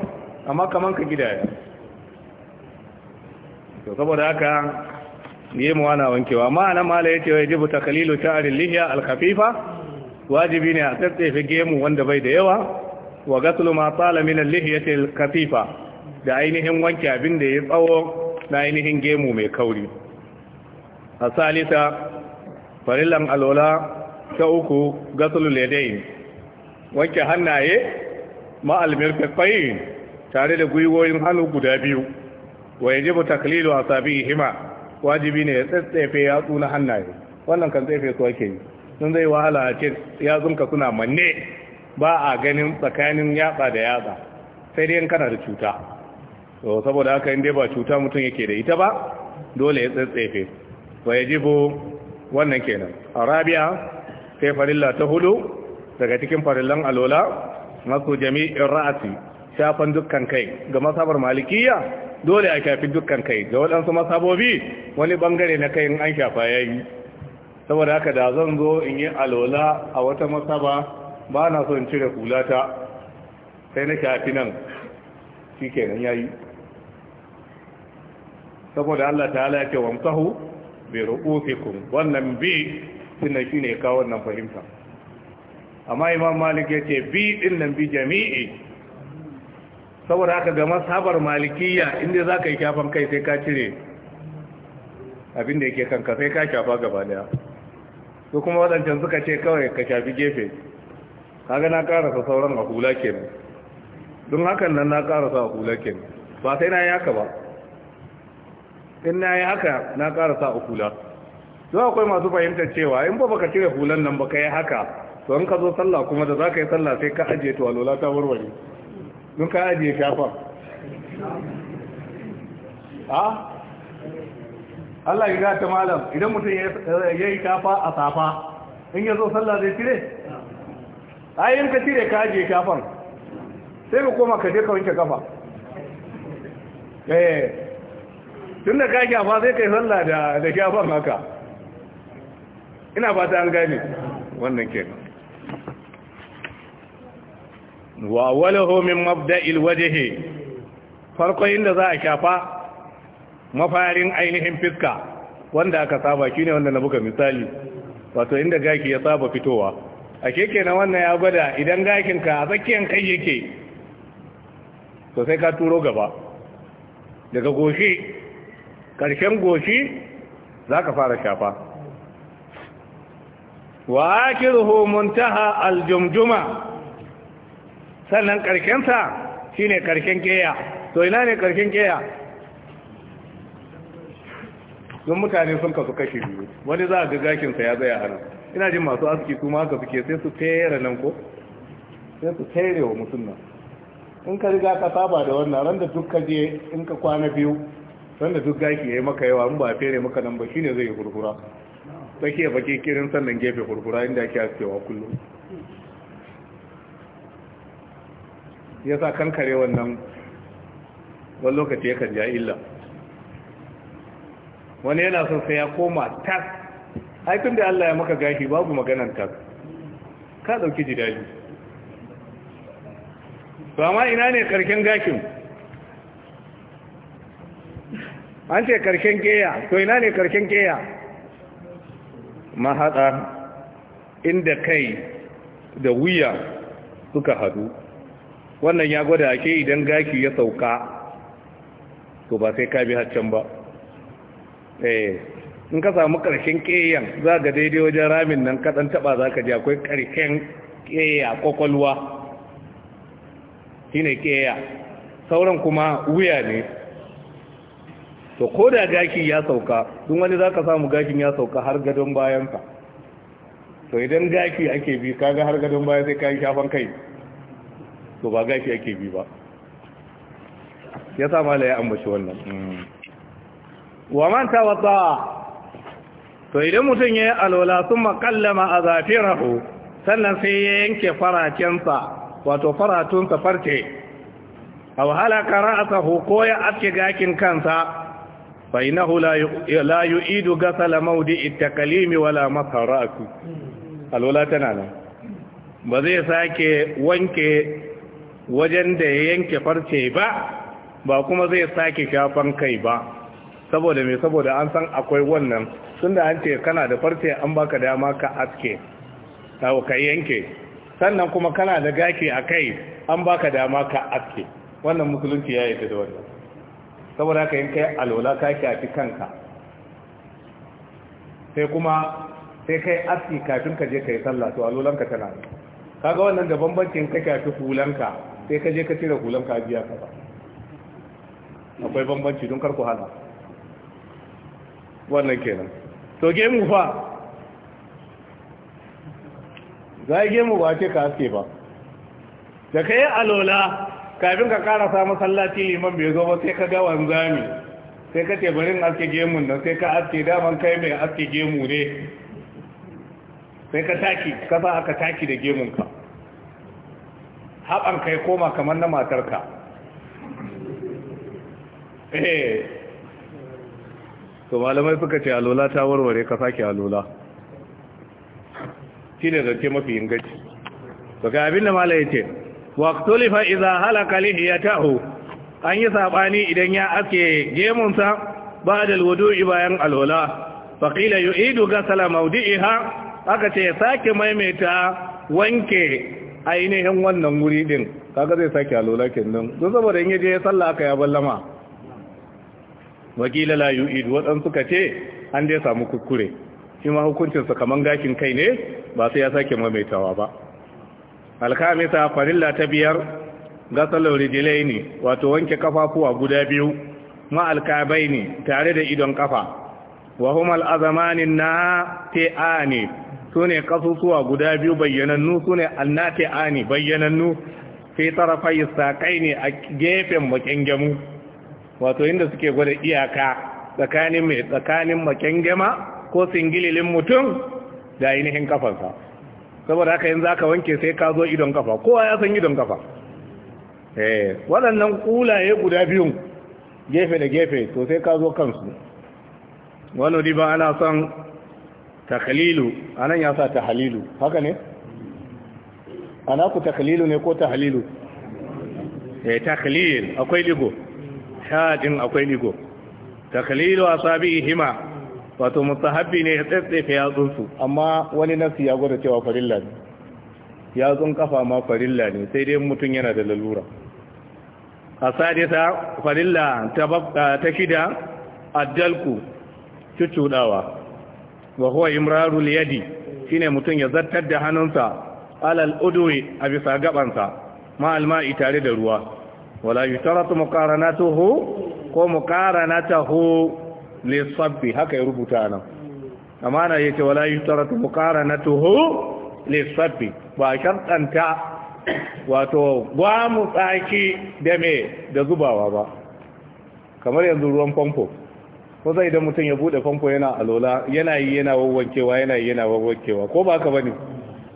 amma kamar ka gida ya to saboda haka yi mu ana wankewa na mala ya ce wa Kalilu ta sha'arin lihiya alkafifa wajibi ne a tsatsefe gemu wanda bai da yawa wa gasulu ma tsala min lihiya ta kafifa da ainihin wanke abin da ya tsawo na ainihin gemu mai kauri a salisa farillan alola ta uku gasulu ladain wanke hannaye ma'almir kafayin tare da gwiwoyin hannu guda biyu wa ya jibu taklilu a sabi hima wajibi ne ya tsatsefe yatsu na hannaye wannan kan tsefe su ake yi sun zai wahala a ce ka suna manne ba a ganin tsakanin yatsa da yatsa sai dai kana da cuta saboda haka inda ba cuta mutum yake da ita ba dole ya tsatsefe wa ya jibu wannan kenan arabiya sai farilla ta hudu daga cikin farillan alola masu jami'in ra'asi shafan dukkan kai ga masabar malikiya dole a shafi dukkan kai da waɗansu masabobi wani bangare na kai an shafa ya yi saboda haka da zan zo in yi alola a wata masaba ba na so in cire kulata sai na shafi nan shi kenan ya yi saboda Allah Ta ya ce wamsahu bi ru'usikum wannan bi sunan ne kawo wannan fahimta amma imam malik ya ce bi din nan bi jami'i saboda haka ga masabar malikiya inda za ka yi kyafan kai sai ka cire abinda da yake kanka sai ka kyafa gaba daya su kuma waɗancan suka ce kawai ka shafi gefe kaga na karasa sauran a hula kenan don hakan nan na karasa a hula kenan ba sai na yi haka ba in na yi haka na karasa a hula don akwai masu fahimtar cewa in ba baka cire hulan nan ba ka yi haka to in ka zo sallah kuma da za ka yi sallah sai ka ajiye to alwala ta warware don ka ajiye shafa ha? Allah ya ta malam idan mutum ya yi shafa a safa in ya zo sallah zai cire ayin ka cire ka ajiye shafan sai ka koma ka je ka wanke kafa eh tun da ka shafa sai ka yi sallah da shafan haka ina fata an gane wannan kenan wa walahu min mabda'il wajhi farko inda za a shafa mafarin ainihin fiska wanda aka saba shine wanda na buga misali wato inda gaki ya saba fitowa a keke na wannan ya gwada idan gakin ka a tsakiyar kai yake to sai ka turo gaba daga goshi karshen goshi za ka fara shafa wa akiruhu muntaha aljumjuma sannan ƙarshensa shi ne ƙarshen keya to ina ne ƙarshen keya don mutane sun kasu kashi biyu wani za a ga gashinsa ya zaya hannu ina jin masu aski kuma haka suke sai su fere nan ko sai su fere wa musulman in ka riga ka saba da wannan ran da duk ka je in ka kwana biyu ran da duk gashi ya yi maka yawa in ba a fere maka nan ba shine zai yi hurhura tsakiya baki kirin sannan gefe hurhura inda ake askewa kullum ya sa kankare wannan wani lokaci ya kan ja illa wani yana son sai ya koma tas aikin da Allah ya maka gashi babu maganan tas ka dauki jidaji ba ma ina ne karken gashin an ce karshen keya to ina ne karshen keya mahaɗa inda kai da wuya suka hadu wannan ya gwada ake idan gaki ya sauka to ba sai ka bi haccan ba eh in ka samu ƙarshen ƙeyan za ga daidai wajen ramin nan kaɗan taba za ka ji akwai ƙarshen ƙeya ƙwaƙwalwa shi ne ƙeya sauran kuma wuya ne to ko da gaki ya sauka dun wani za ka samu gakin ya sauka har gadon bayanka to idan gaki ake bi ka ga har gadon bayan sai ka yi shafan kai to ba gashi ake bi ba ya sa mala ya ambaci wannan mm. wa man tawadda to idan mutum ya yi alwala sun makallama a zafirahu sannan sai ya yanke faracensa wato faratunsa farce a wahala kara ko ya aske gakin kansa fainahu la yu'idu gasala maudi takalimi wala masaraku alwala tana nan ba zai sake wanke wajen da ya yanke farce ba ba kuma zai sake shafan kai ba saboda mai saboda an san akwai wannan sun da an ce kana da farce an baka dama ka aske ka yanke sannan kuma kana da gaki a kai an baka dama ka aske wannan musulunci ya yi da wannan saboda ka yin kai alola ka shafi kanka sai kuma sai kai aski kafin ka je ka yi sallah to alolanka tana kaga wannan da bambancin ka shafi hulanka sai ka je ka cire hulan ka biya ka ba akwai bambanci don kar ku hana wannan kenan to gemu fa za gemu ba ce ka haske ba da ka yi alola kafin ka karasa masallaci liman bai zo ba sai ka ga wanzami sai ka tebarin aske gemun nan sai ka aske daman kai mai aske gemu ne sai ka taki kasa aka taki da gemunka haɓar kai koma kamar na matarka eh. to malamai suka ce alola ta warware ka sake alola shi ne zance mafi ingaci to ga abin da mala ya ce waktulifa iza halaka lihiyatahu an yi saɓani idan ya aske gemunsa ba da alwudu'i bayan alola faƙila yu'idu gasala maudi'iha aka ce sake maimaita wanke ainihin wannan wuri din kaga zai sake alola nan. don saboda in yaje ya salla aka ya ballama wakila la yu'id wadan suka ce an dai samu kukkure shi ma hukuncin sa kaman gakin kai ne ba sai ya sake mamaitawa ba alkamisa farilla ta biyar gasalul rijlaini wato wanke kafafuwa guda biyu ma alkabaini tare da idon kafa wa huma al'azamanin na te'ani su ne ƙasusuwa guda biyu bayyanannu su ne anna bayyanannu fi tarafai saƙai ne a gefen makengemu wato inda suke gwada iyaka tsakanin mai tsakanin makengema ko singililin mutum da ainihin kafansa saboda haka yanzu aka wanke sai ka zo idon kafa kowa ya san idon kafa eh, waɗannan ƙulaye guda biyun gefe da gefe to sai ka zo kansu wani ba ana son A nan ya sa tahalilu haka ne ana ku takalilu ne ko tahalilu eh takhlil akwai ligo shadin akwai a sabi ihima wato mutahabbi ne ya tsetsefe yatsunsu amma wani nasi ya gwada cewa farilla ne yatsun kafa ma farilla ne sai dai mutum yana da lalura A sadisa farilla ta shida addalku cucuɗawa wa huwa imrarul yadi shine mutum ya zartar da hannunsa alal udwi a bisa gabansa ma alma'i tare da ruwa wala yutaratu muqaranatuhu ko muqaranatuhu sabbi haka ya rubuta nan amma na yace wala yutaratu muqaranatuhu lisabbi ba shartanta wato mu tsaki da me da zubawa ba kamar yanzu ruwan pompo zai idan mutum ya bude famfo yana alola yana yi yana wawwankewa yana yi yana wawwankewa ko ba ka bane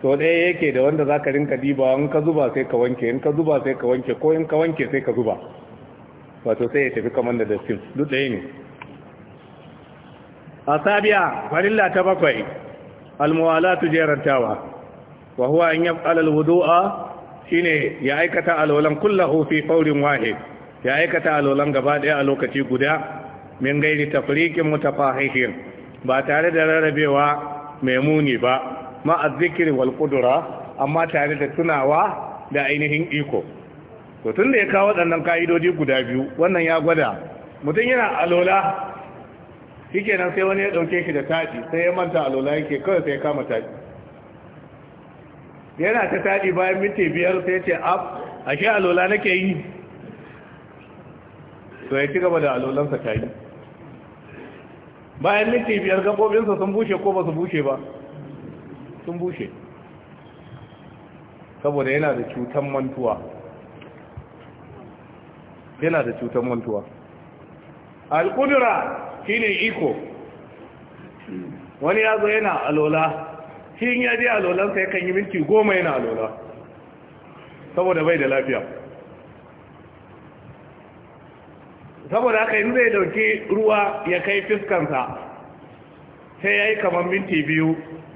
to ɗaya yake da wanda zaka rinka diba in ka zuba sai ka wanke in ka zuba sai ka wanke ko in ka wanke sai ka zuba wato sai ya tafi kamar da dustin duk ɗaya ne a sabiya farilla ta bakwai almuwala tu jerantawa wa huwa an yaf'al alwudu'a shine ya aikata alolan kullahu fi fawrin wahid ya aikata alolan gaba ɗaya a lokaci guda min gairi tafriqin mutafahihin ba tare da rarrabewa mai muni ba ma'a zikri wal amma tare da tunawa da ainihin iko to tun da ya kawo waɗannan ka'idodi guda biyu wannan ya gwada mutum yana alola shike nan sai wani ya ɗauke shi da taɗi sai ya manta alola yake kawai sai ya kama taɗi yana ta taɗi bayan minti biyar sai ce af ashe alola nake yi to ya ci gaba da alolansa taɗi bayan minti biyar gabobinsa sun bushe ko ba su bushe ba sun bushe saboda yana da cutan mantuwa yana da cutan mantuwa alƙudura shi ne iko wani ya zo yana alola shi yin je alolansa ya kan yi minti goma yana alola saboda bai da lafiya saboda haka in zai dauki ruwa ya kai fiskansa sai ya yi kamar minti biyu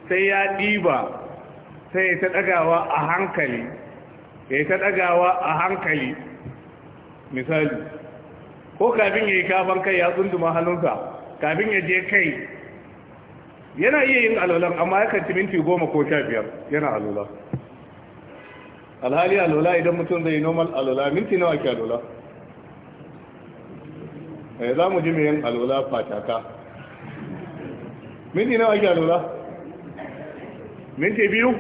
sai ya ɗiba sai ya ta ɗagawa a hankali ya ta ɗagawa a hankali misali ko kafin ya yi kafan kai ya tsunduma hannunsa kafin ya je kai yana iya yin alolan amma ya kanci minti goma ko sha biyar yana alola alhali alola idan mutum zai yi normal alola minti nawa ke alola Eh, za mu ji mai alwala fataka minti nawa ake alwala minti biyu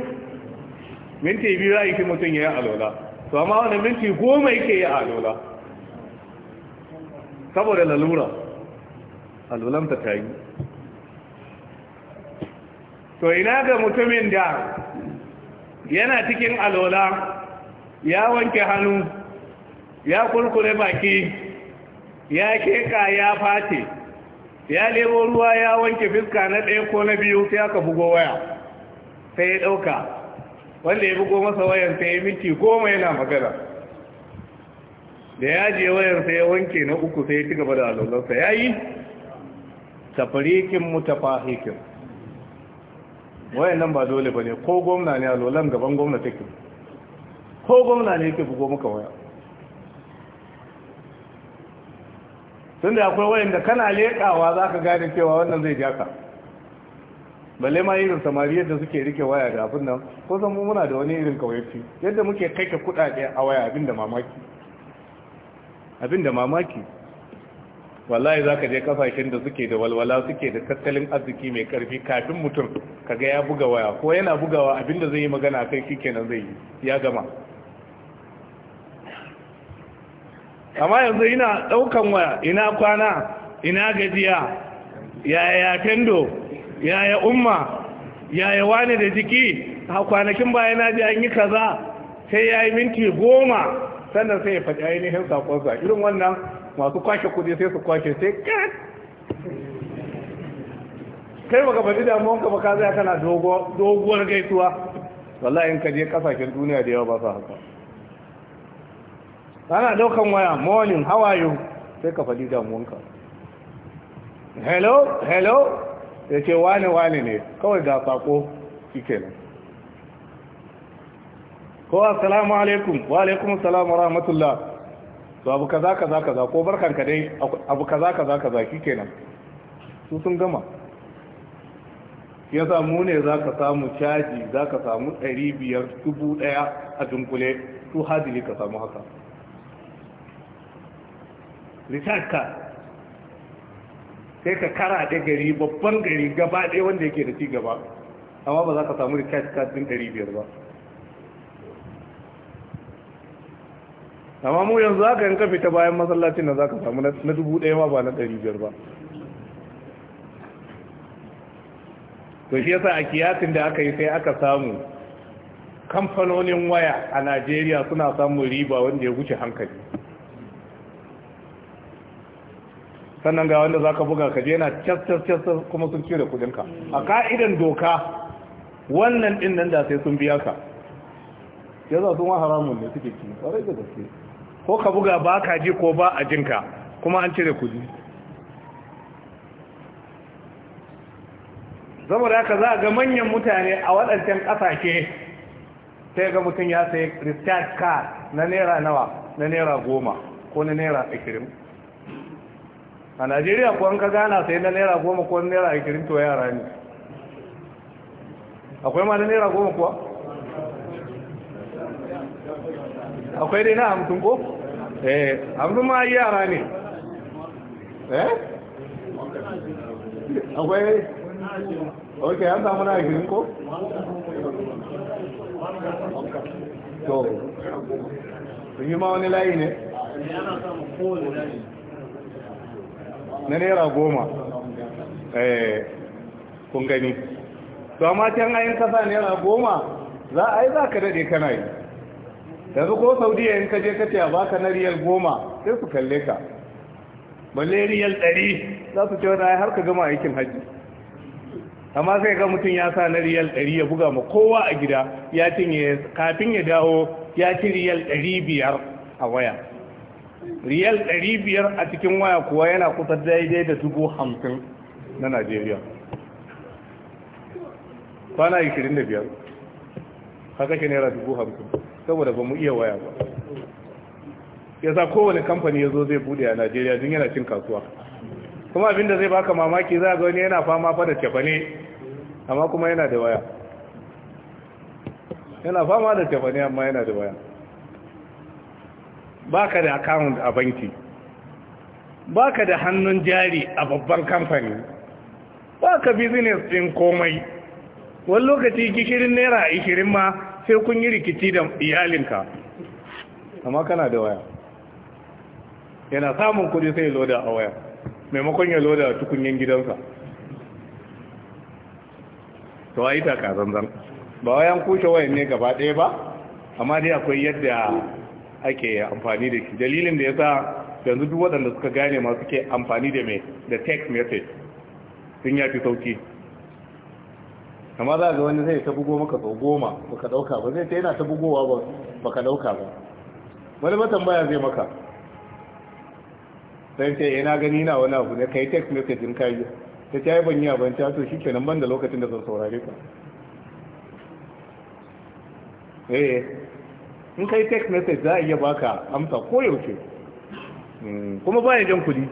minti biyu ya yi mutum ya yi alwala to amma wani minti goma yake yi alwala saboda lalura alwalanta ta yi to ina ga mutumin da yana cikin alwala ya wanke hannu ya kurkure baki ya keka ya face ya lebo ruwa ya wanke fiska na ɗaya ko na biyu sai aka bugo waya sai ya ɗauka wanda ya bugo masa wayan sai ya miki goma yana magana da ya je wayan sai ya wanke na uku sai ya ci gaba da alwalarsa ya yi tafarikin mutafahikin wayan nan ba dole ba ne ko gwamna ne lolan gaban gwamna take ko gwamna ne yake bugo maka waya tun da akwai wayanda kana lekawa za ka gane cewa wannan zai jaka balle ma irin samari yadda suke rike waya da abin nan ko san mu muna da wani irin kawaici yadda muke kai ka kuɗaɗe a waya abin da mamaki abin da mamaki wallahi za ka je kasashen da suke da walwala suke da tattalin arziki mai karfi kafin mutum ka ga ya buga waya ko yana bugawa abin da zai yi magana kai shi kenan zai yi ya gama amma yanzu ina ɗaukan waya ina kwana ina gajiya yaya tendo yaya umma yaya wane da jiki a kwanakin baya na ji an yi kaza sai ya yi minti goma sannan sai ya faɗi ainihin sakonsa irin wannan masu kwashe kudi sai su kwashe sai kat kai baka faɗi damuwan ka baka zai kana doguwar gaisuwa wallahi in ka je kasashen duniya da yawa ba su haka ana daukan waya morning how are you sai ka faɗi damuwanka hello hello ya ce wane wane ne kawai ga fako shi kenan ko assalamu alaikum wa alaikum assalam wa rahmatullah to abu kaza kaza kaza ko barkan ka dai abu kaza kaza kaza kenan su sun gama ya samu ne za ka samu caji za ka samu 500,000 dubu a dunkule su hajji ka samu haka richard card sai ka kara da gari babban gari gaba ɗaya wanda yake da cigaba amma ba za ka samu richard card din ɗari biyar ba amma mu yanzu haka yanka fita bayan masallacin da za ka samu na dubu ɗaya ma ba na ɗari biyar ba to shi yasa a kiyatin da aka yi sai aka samu kamfanonin waya a najeriya suna samun riba wanda ya wuce hankali sannan ga wanda zaka buga ka je yana cas cas cas kuma sun cire kudin ka a ka'idan doka wannan din nan da sai sun biya ka za su ma haramun ne suke ci kwarai da gaske ko ka buga ba ka ji ko ba a jinka kuma an cire kudi saboda haka za a ga manyan mutane a waɗancan ƙasashe sai ga mutum ya sayi restart card na naira nawa na naira goma ko na naira ashirin a najeriya ko an ka gana sai na naira goma ko naira ashirin to yara ne akwai ma na naira goma kuwa akwai dai na hamsin ko eh hamsin ma yara ne eh akwai ok an samu na ashirin ko to sun yi ma wani layi ne na naira goma eh, kun gani to amma can ayin kasa naira goma za a yi za ka daɗe kana yi Da su ko saudiya in ka je ka a baka na goma sai su kalle ka balle riyal ɗari za su ce wata har ka gama aikin hajji amma sai ga mutum ya sa na riyal ɗari ya buga ma kowa a gida ya cinye kafin ya dawo ya ci riyal ɗari biyar a waya riyal biyar a cikin waya kuwa yana kusa daidai da dubu hamsin na najeriya kwana 25 haka ke naira dubu hamsin saboda ba mu iya waya ba ya sa kowane kamfani ya zo zai bude a najeriya din yana cin kasuwa kuma abinda zai baka mamaki za ga wani yana fama fa da ne amma kuma yana da waya yana fama da ne amma yana da waya baka da account a banki baka da hannun jari a babban kamfani baka business din komai wani lokaci gishirin naira ishirin ma sai kun yi rikici da iyalinka amma kana da waya yana samun kudi sai loda a waya maimakon ya loda a tukunyen gidansa to a yi taka zanzan ba wayan kushe wayan ne gaba ɗaya ba amma dai akwai yadda ake amfani da shi dalilin da ya sa yanzu duk waɗanda suka gane ma suke amfani da mai da text message sun yafi sauki kama za ga wani zai ta bugo maka sau goma baka ɗauka ba zai ta yana ta bugowa ba baka ɗauka ba wani baya zai maka sai ce yana eh, gani na wani abu ne kai text message in kayi ta ta yi banyi abin ta ke shikenan ban da lokacin da zan saurare ka eh in kai text message za a iya baka amsa ko yaushe hmm, kuma ya jan kudi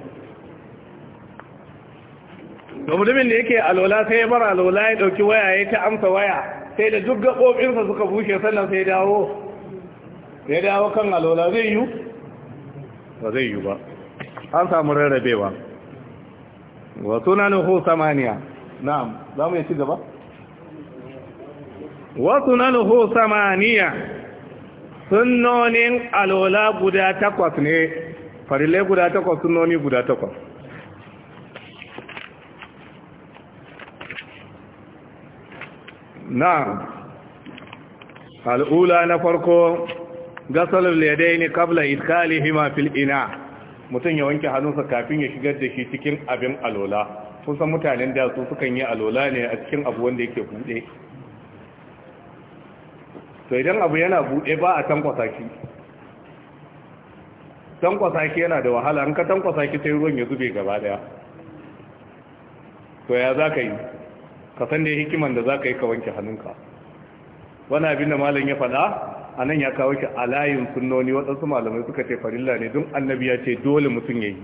da mutumin da yake alola sai ya bar alola ya dauki waya ya ta amsa waya sai da duk gaɓoɓinsa suka bushe sannan sai dawo ya dawo kan alola zai yi ba zai yi ba an samu rarrabewa wa na nuhu samaniya na'am za mu yi ci gaba wa na nuhu samaniya sunnonin alola guda takwas ne farilai guda takwas sunnoni guda takwas na al'ula na farko gasalar ledai ne kabla iskali hima fil'ina mutum ya wanke hannunsa kafin ya shigar da shi cikin abin alola kusan mutanen da su sukan yi alola ne a cikin abu wanda yake buɗe to idan abu yana buɗe ba a tankwasa ki. tankwasa ki yana da wahala an ka tankwasa ki sai ruwan ya zube gaba daya to ya za ka yi ka san da hikiman da za ka yi ka wanke hannunka wani abin da malam ya faɗa a nan ya kawo ki a layin sunnoni waɗansu malamai suka ce farilla ne don annabi ya ce dole mutum ya yi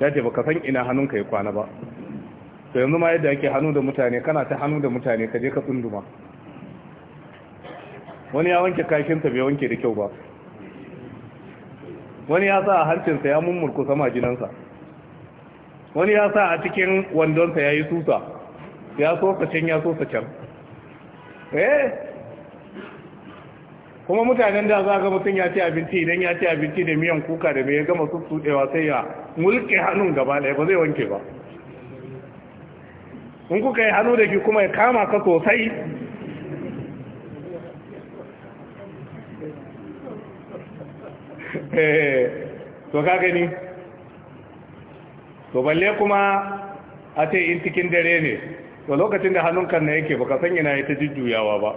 ya ce baka san ina hannunka ya kwana ba to yanzu ma yadda ake hannu da mutane kana ta hannu da mutane ka je ka tsunduma wani ya wanke kashinsa bai wanke da kyau ba wani ya sa a hancinsa ya mummurku sama jinansa wani ya sa a cikin wandonsa ya yi susa ya sosa can ya sosa can eh kuma mutanen da za ga mutum ya ci abinci idan ya ci abinci da miyan kuka da mai gama su tsudewa sai ya mulke hannun gaba ɗaya ba zai wanke ba in kuka yi hannu da ki kuma ya kama ka sosai Eh, to ka gani to balle kuma a ce in cikin dare ne to lokacin da hannunkan na yake baka san yana ta jujjuyawa ba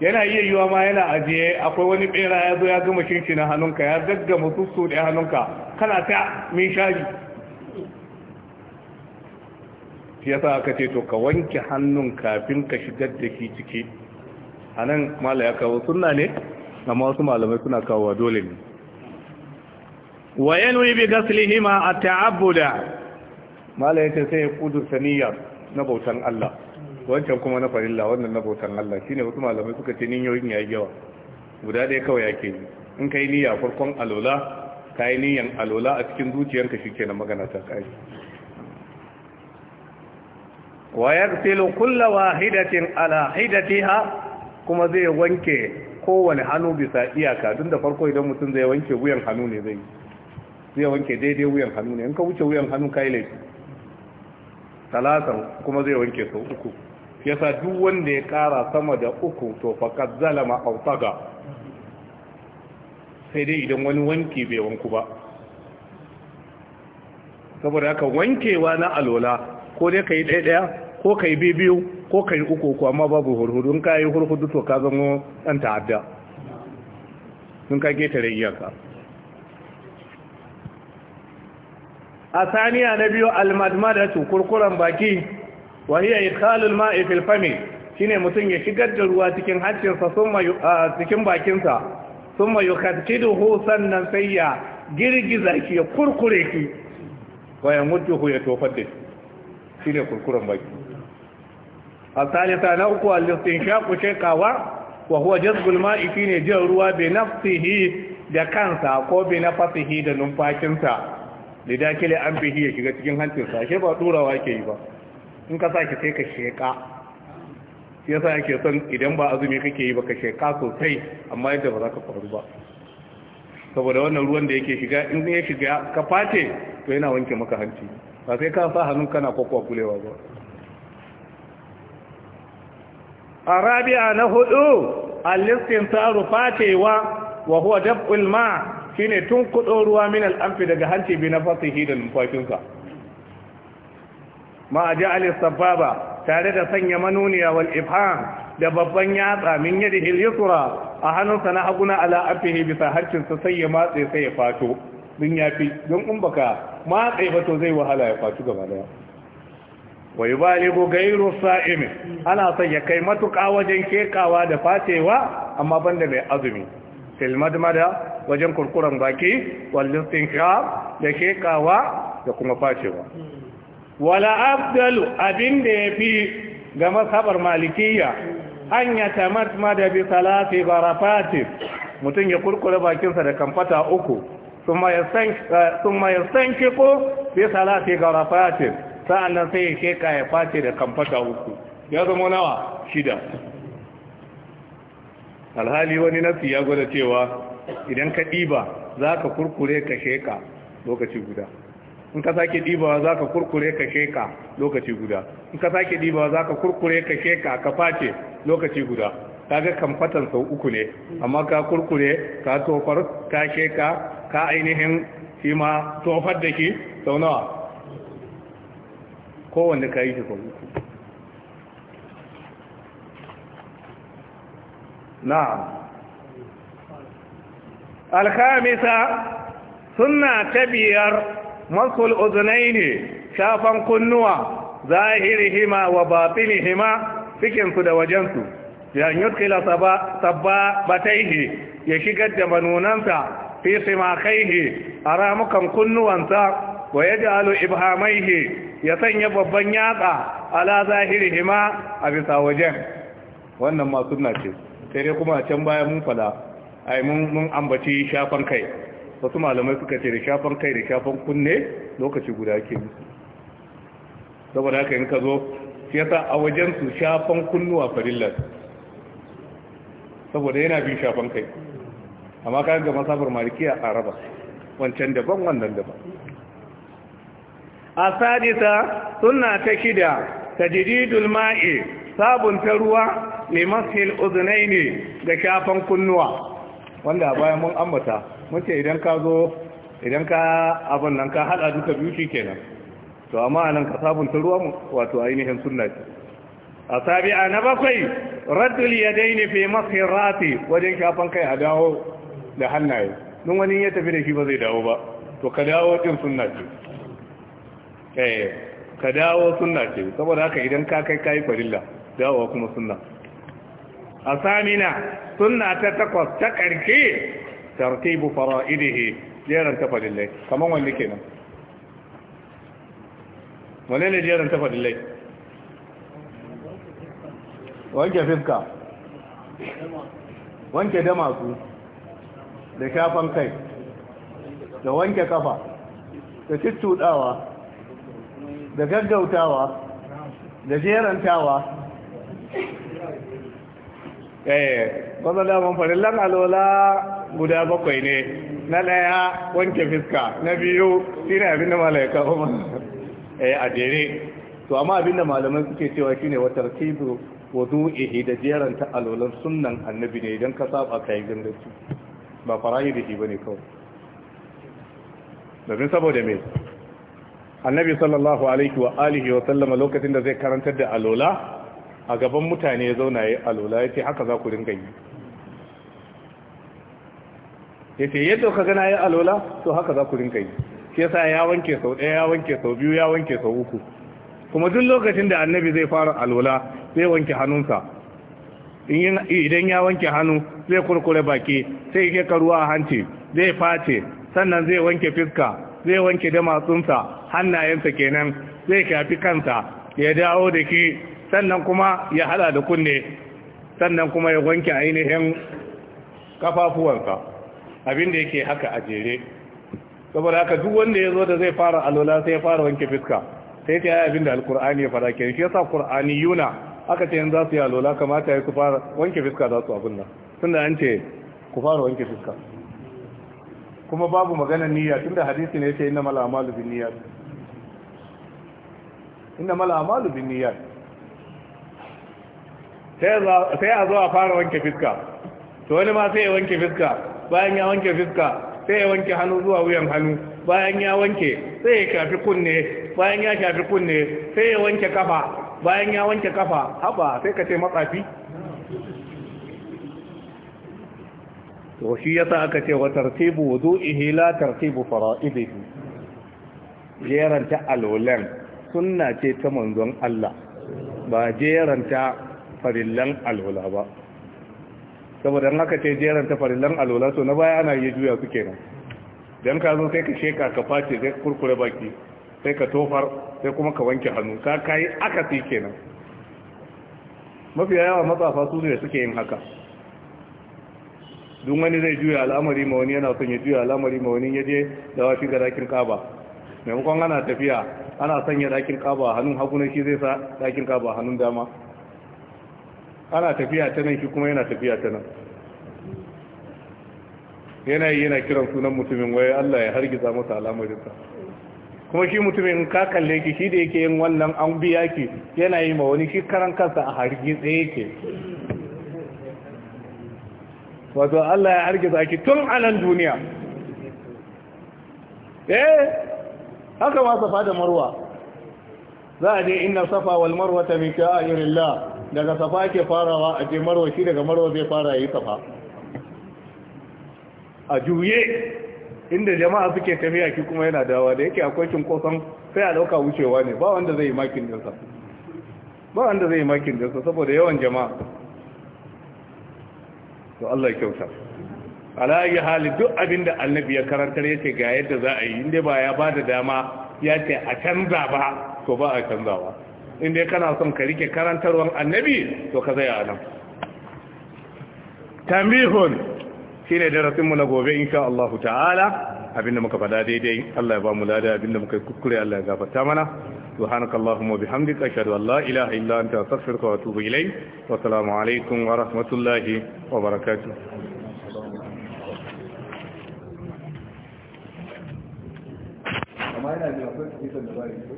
yana iya yiwa ma yana ajiye akwai wani bera ya zo ya gama shinshi na hannunka ya gaggama sussu da hannunka kana ta min shari Ya sa aka ce to ka wanke hannun kafin ka shigar da shi ciki a nan mala ya kawo sunna ne amma wasu malamai suna kawo dole ne wa yanwi bi gaslihima at-ta'abbuda malai yace sai ya kudu saniyar na bautan Allah wancan kuma na farilla wannan na bautan Allah shine wasu malamai suka ce niyoyin yi yawa guda ɗaya kawai yake yi in kai niyya farkon alola kai niyyan alola a cikin zuciyarka shikenan magana ta kai wa yaghsilu kulla wahidatin ala hidatiha kuma zai wanke kowane hannu bisa iyaka tun da farko idan mutum zai wanke wuyan hannu ne zai yi zai wanke daidai wuyan hannu ne in ka wuce wuyan hannu kai laifi talatan kuma zai wanke sau uku yasa duk wanda ya kara sama da uku to faqad zalama aw taga sai dai idan wani wanki bai wanku ba saboda haka wankewa na alola ko dai kai ɗaya ɗaya ko kai biyu ko kai uku ko amma babu hurhudu in ka yi hurhudu to ka zama ɗan ta'adda sun ka ketare iyaka a saniya na biyu su kurkuren baki wa hiya idkhalul ma'i fil ne shine mutum ya shigar da ruwa cikin hancinsa cikin bakinsa summa yukaddiduhu sannan sai ya girgiza ki ya kurkure ki bayan mutu ku ya tofar da shi ne kurkuren baki a salita na uku a alistin shaku shekawa wa huwa jazgul fi ne jan ruwa bi nafsihi da kansa ko bi fasihi da numfakinsa da dakile an fi hiyar shiga cikin hancinsa ashe ba turawa ke yi ba in ka sake sai ka sheka shi yasa yake son idan ba azumi kake yi ba ka sheka sosai amma yadda ba za ka faru ba saboda wannan ruwan da yake shiga in ya shiga ka fate to yana wanke maka hanci ba sai ka sa hannun kana kwakwa kulewa ba a rabia na hudu al-listin taru fatewa wa huwa dab'ul ma shine tun kudo ruwa min al'amfi daga hanci bi nafasihi da numfashinsa ma a ja'al sababa tare da sanya manuniya wal ifham da babban yatsa min yadihi al a hannunsa na haguna ala afihi bisa harcinsa sai ya matse sai ya fato din yafi don in baka matse ba to zai wahala ya fato gaba daya wa yubaligu ghayru sa'imi ana son ya kai matuka wajen kekawa da fatewa amma banda mai azumi fil madmada wajen kurkuren baki wallin da shekawa da kuma fashewa wala abdalu abin da ya fi ga masabar malikiya hanya ta tamatma da bi salati barafati mutum ya kurkura bakinsa da kamfata uku sun ma ya sanki eh, ko bi salati barafati sa'annan sai ya sheka ya face da kamfata uku ya zama nawa shida alhali wani nasi ya gwada cewa idan ka ɗiba za ka kurkure ka sheka lokaci guda in ka sake ɗibawa za ka kurkure ka sheka lokaci guda in ka sake ɗibawa za ka kurkure ka sheka ka face lokaci guda ka ga kamfatan sau uku ne amma ka kurkure ka tofar ka sheka ka ainihin shi ma tofar da shi sau nawa kowanne ka yi shi sau uku na'am alkhamisa sunna ta biyar masul ne shafan kunnuwa zahirihima wa batinihima cikinsu da wajensu yan yutkila sabba bataihi ya shigar da manunansa fi simakaihi a ramukan kunnuwansa wa ya ja'alu ibhamaihi ya sanya babban yatsa ala zahirihima a bisa wajen wannan ma na ce sai dai kuma can baya mun fada ai mun ambaci shafan kai wasu malamai suka ce da shafan kai da shafan kunne lokaci guda ke saboda haka in ka zo shi yasa a wajen su shafan kunnuwa farillar saboda yana bin shafan kai amma kayan ga masafar malikiya a raba wancan daban wannan daban a sadisa suna ta shida ta jididul ma'i sabunta ruwa limasil uzunai ne ga shafan kunnuwa wanda a bayan mun ambata mun ce idan ka zo idan ka abin nan ka hada duka biyu shi kenan to amma nan ka sabunta ruwa wato ainihin sunna ce a sabi'a na bakwai raddul yadaini fi masirati wajen shafan kai a dawo da hannaye don wani ya tafi da shi ba zai dawo ba to ka dawo din sunna ce eh ka dawo sunna ce saboda haka idan ka kai kai farilla dawo kuma sunna asamina sunna ta takwas ta ƙarke tartibu fara'idihi jeran tafadillai kaman wanne kenan wanne ne jeran tafadillai wanke fiska wanke damasu da shafan kai da wanke kafa da cuttuɗawa da gaggautawa da jerantawa eh wannan daman farillan alola guda bakwai ne na ɗaya wanke fiska na biyu shine abin da malai kawo ma eh a jere to amma abin da malaman suke cewa shine wa tartibu wudu'ihi da ta alolan sunnan annabi ne idan ka saba kai gandaci ba farayi da shi bane kawai domin saboda me annabi sallallahu alaihi wa alihi wa sallama lokacin da zai karantar da alola a gaban mutane ya zauna ya alola ya ce haka za ku ringa yi ya ce yadda ka gana ya alola to haka za ku ringa yi shi sa ya wanke sau ɗaya ya wanke sau biyu ya wanke sau uku kuma duk lokacin da annabi zai fara alola zai wanke hannunsa idan ya wanke hannu zai kurkure baki sai ke karuwa a hanci zai face sannan zai wanke fiska zai wanke damatsunsa hannayensa kenan zai kafi kansa ya dawo da ke sannan kuma ya hada da kunne sannan kuma ya wanke ainihin kafafuwansa abinda yake haka a jere saboda haka duk wanda ya zo da zai fara alola sai ya fara wanke fiska sai ta yi abinda alkur'ani ya fara ke shi sa kur'ani yuna aka ce yanzu za su yi alola kamata ya su fara wanke fiska za su abin nan da an ce ku fara wanke fiska kuma babu magana niyya da hadisi ne ya ce inna mala amalu bin niyya mala amalu bin sai a zo a fara wanke fiska to wani ma sai ya wanke fiska bayan ya wanke fiska sai ya wanke hannu zuwa wuyan hannu bayan ya wanke sai ya shafi kunne bayan ya shafi kunne sai ya wanke kafa bayan ya wanke kafa haba sai ka ce matsafi to shi yasa aka ce wa tartibu wudu'ihi la tartibu fara'idihi jeranta alolan sunna ce ta manzon Allah ba jeranta farillan alwala ba saboda an aka ce jeran ta farillan alwala to na baya ana yi juya su kenan dan ka zo sai ka sheka ka face sai kurkure baki sai ka tofar sai kuma ka wanke hannu ka kai akasi kenan mafiya yawa matsafa su ne suke yin haka dun wani zai juya al'amari ma wani yana son ya juya al'amari ma wani yaje da wafi ga dakin kaba maimakon ana tafiya ana sanya dakin kaba hannun hagu na shi zai sa dakin kaba hannun dama ana tafiya ta nan shi kuma yana tafiya ta nan yana yi yana kiran sunan mutumin waye Allah ya hargiza masa al'amarinsa kuma shi mutumin ka kalle ki shi da yake yin wannan an biya ki yana yi ma wani shi karan kansa a hargitse yake wato Allah ya hargiza ki tun a nan duniya eh haka ma safa da marwa za a je inna safa wal marwa ta min sha'irillah daga safa ake farawa a je marwa shi daga marwa zai fara yi safa a juye inda jama'a suke tafiya ki kuma yana dawa da yake akwai cinkoson sai a dauka wucewa ne ba wanda zai yi makin dinsa ba wanda zai yi makin dinsa saboda yawan jama'a to Allah ya kyauta ala yi hali duk abinda annabi ya karantar yace ga yadda za a yi inda ba ya bada dama ya ce a canza ba to ba a canzawa inda kana son ka rike karantarwar annabi to ka zaya nan tambihun shi ne darasinmu na gobe insha Allah ta'ala abinda muka fada daidai Allah ya ba mu lada abinda muka kukure, Allah ya gafarta mana سبحانك bihamdika ashhadu an la ilaha illa anta astaghfiruka wa atubu ilayk wa assalamu alaykum wa rahmatullahi wa barakatuh mean, I'll put people in the right.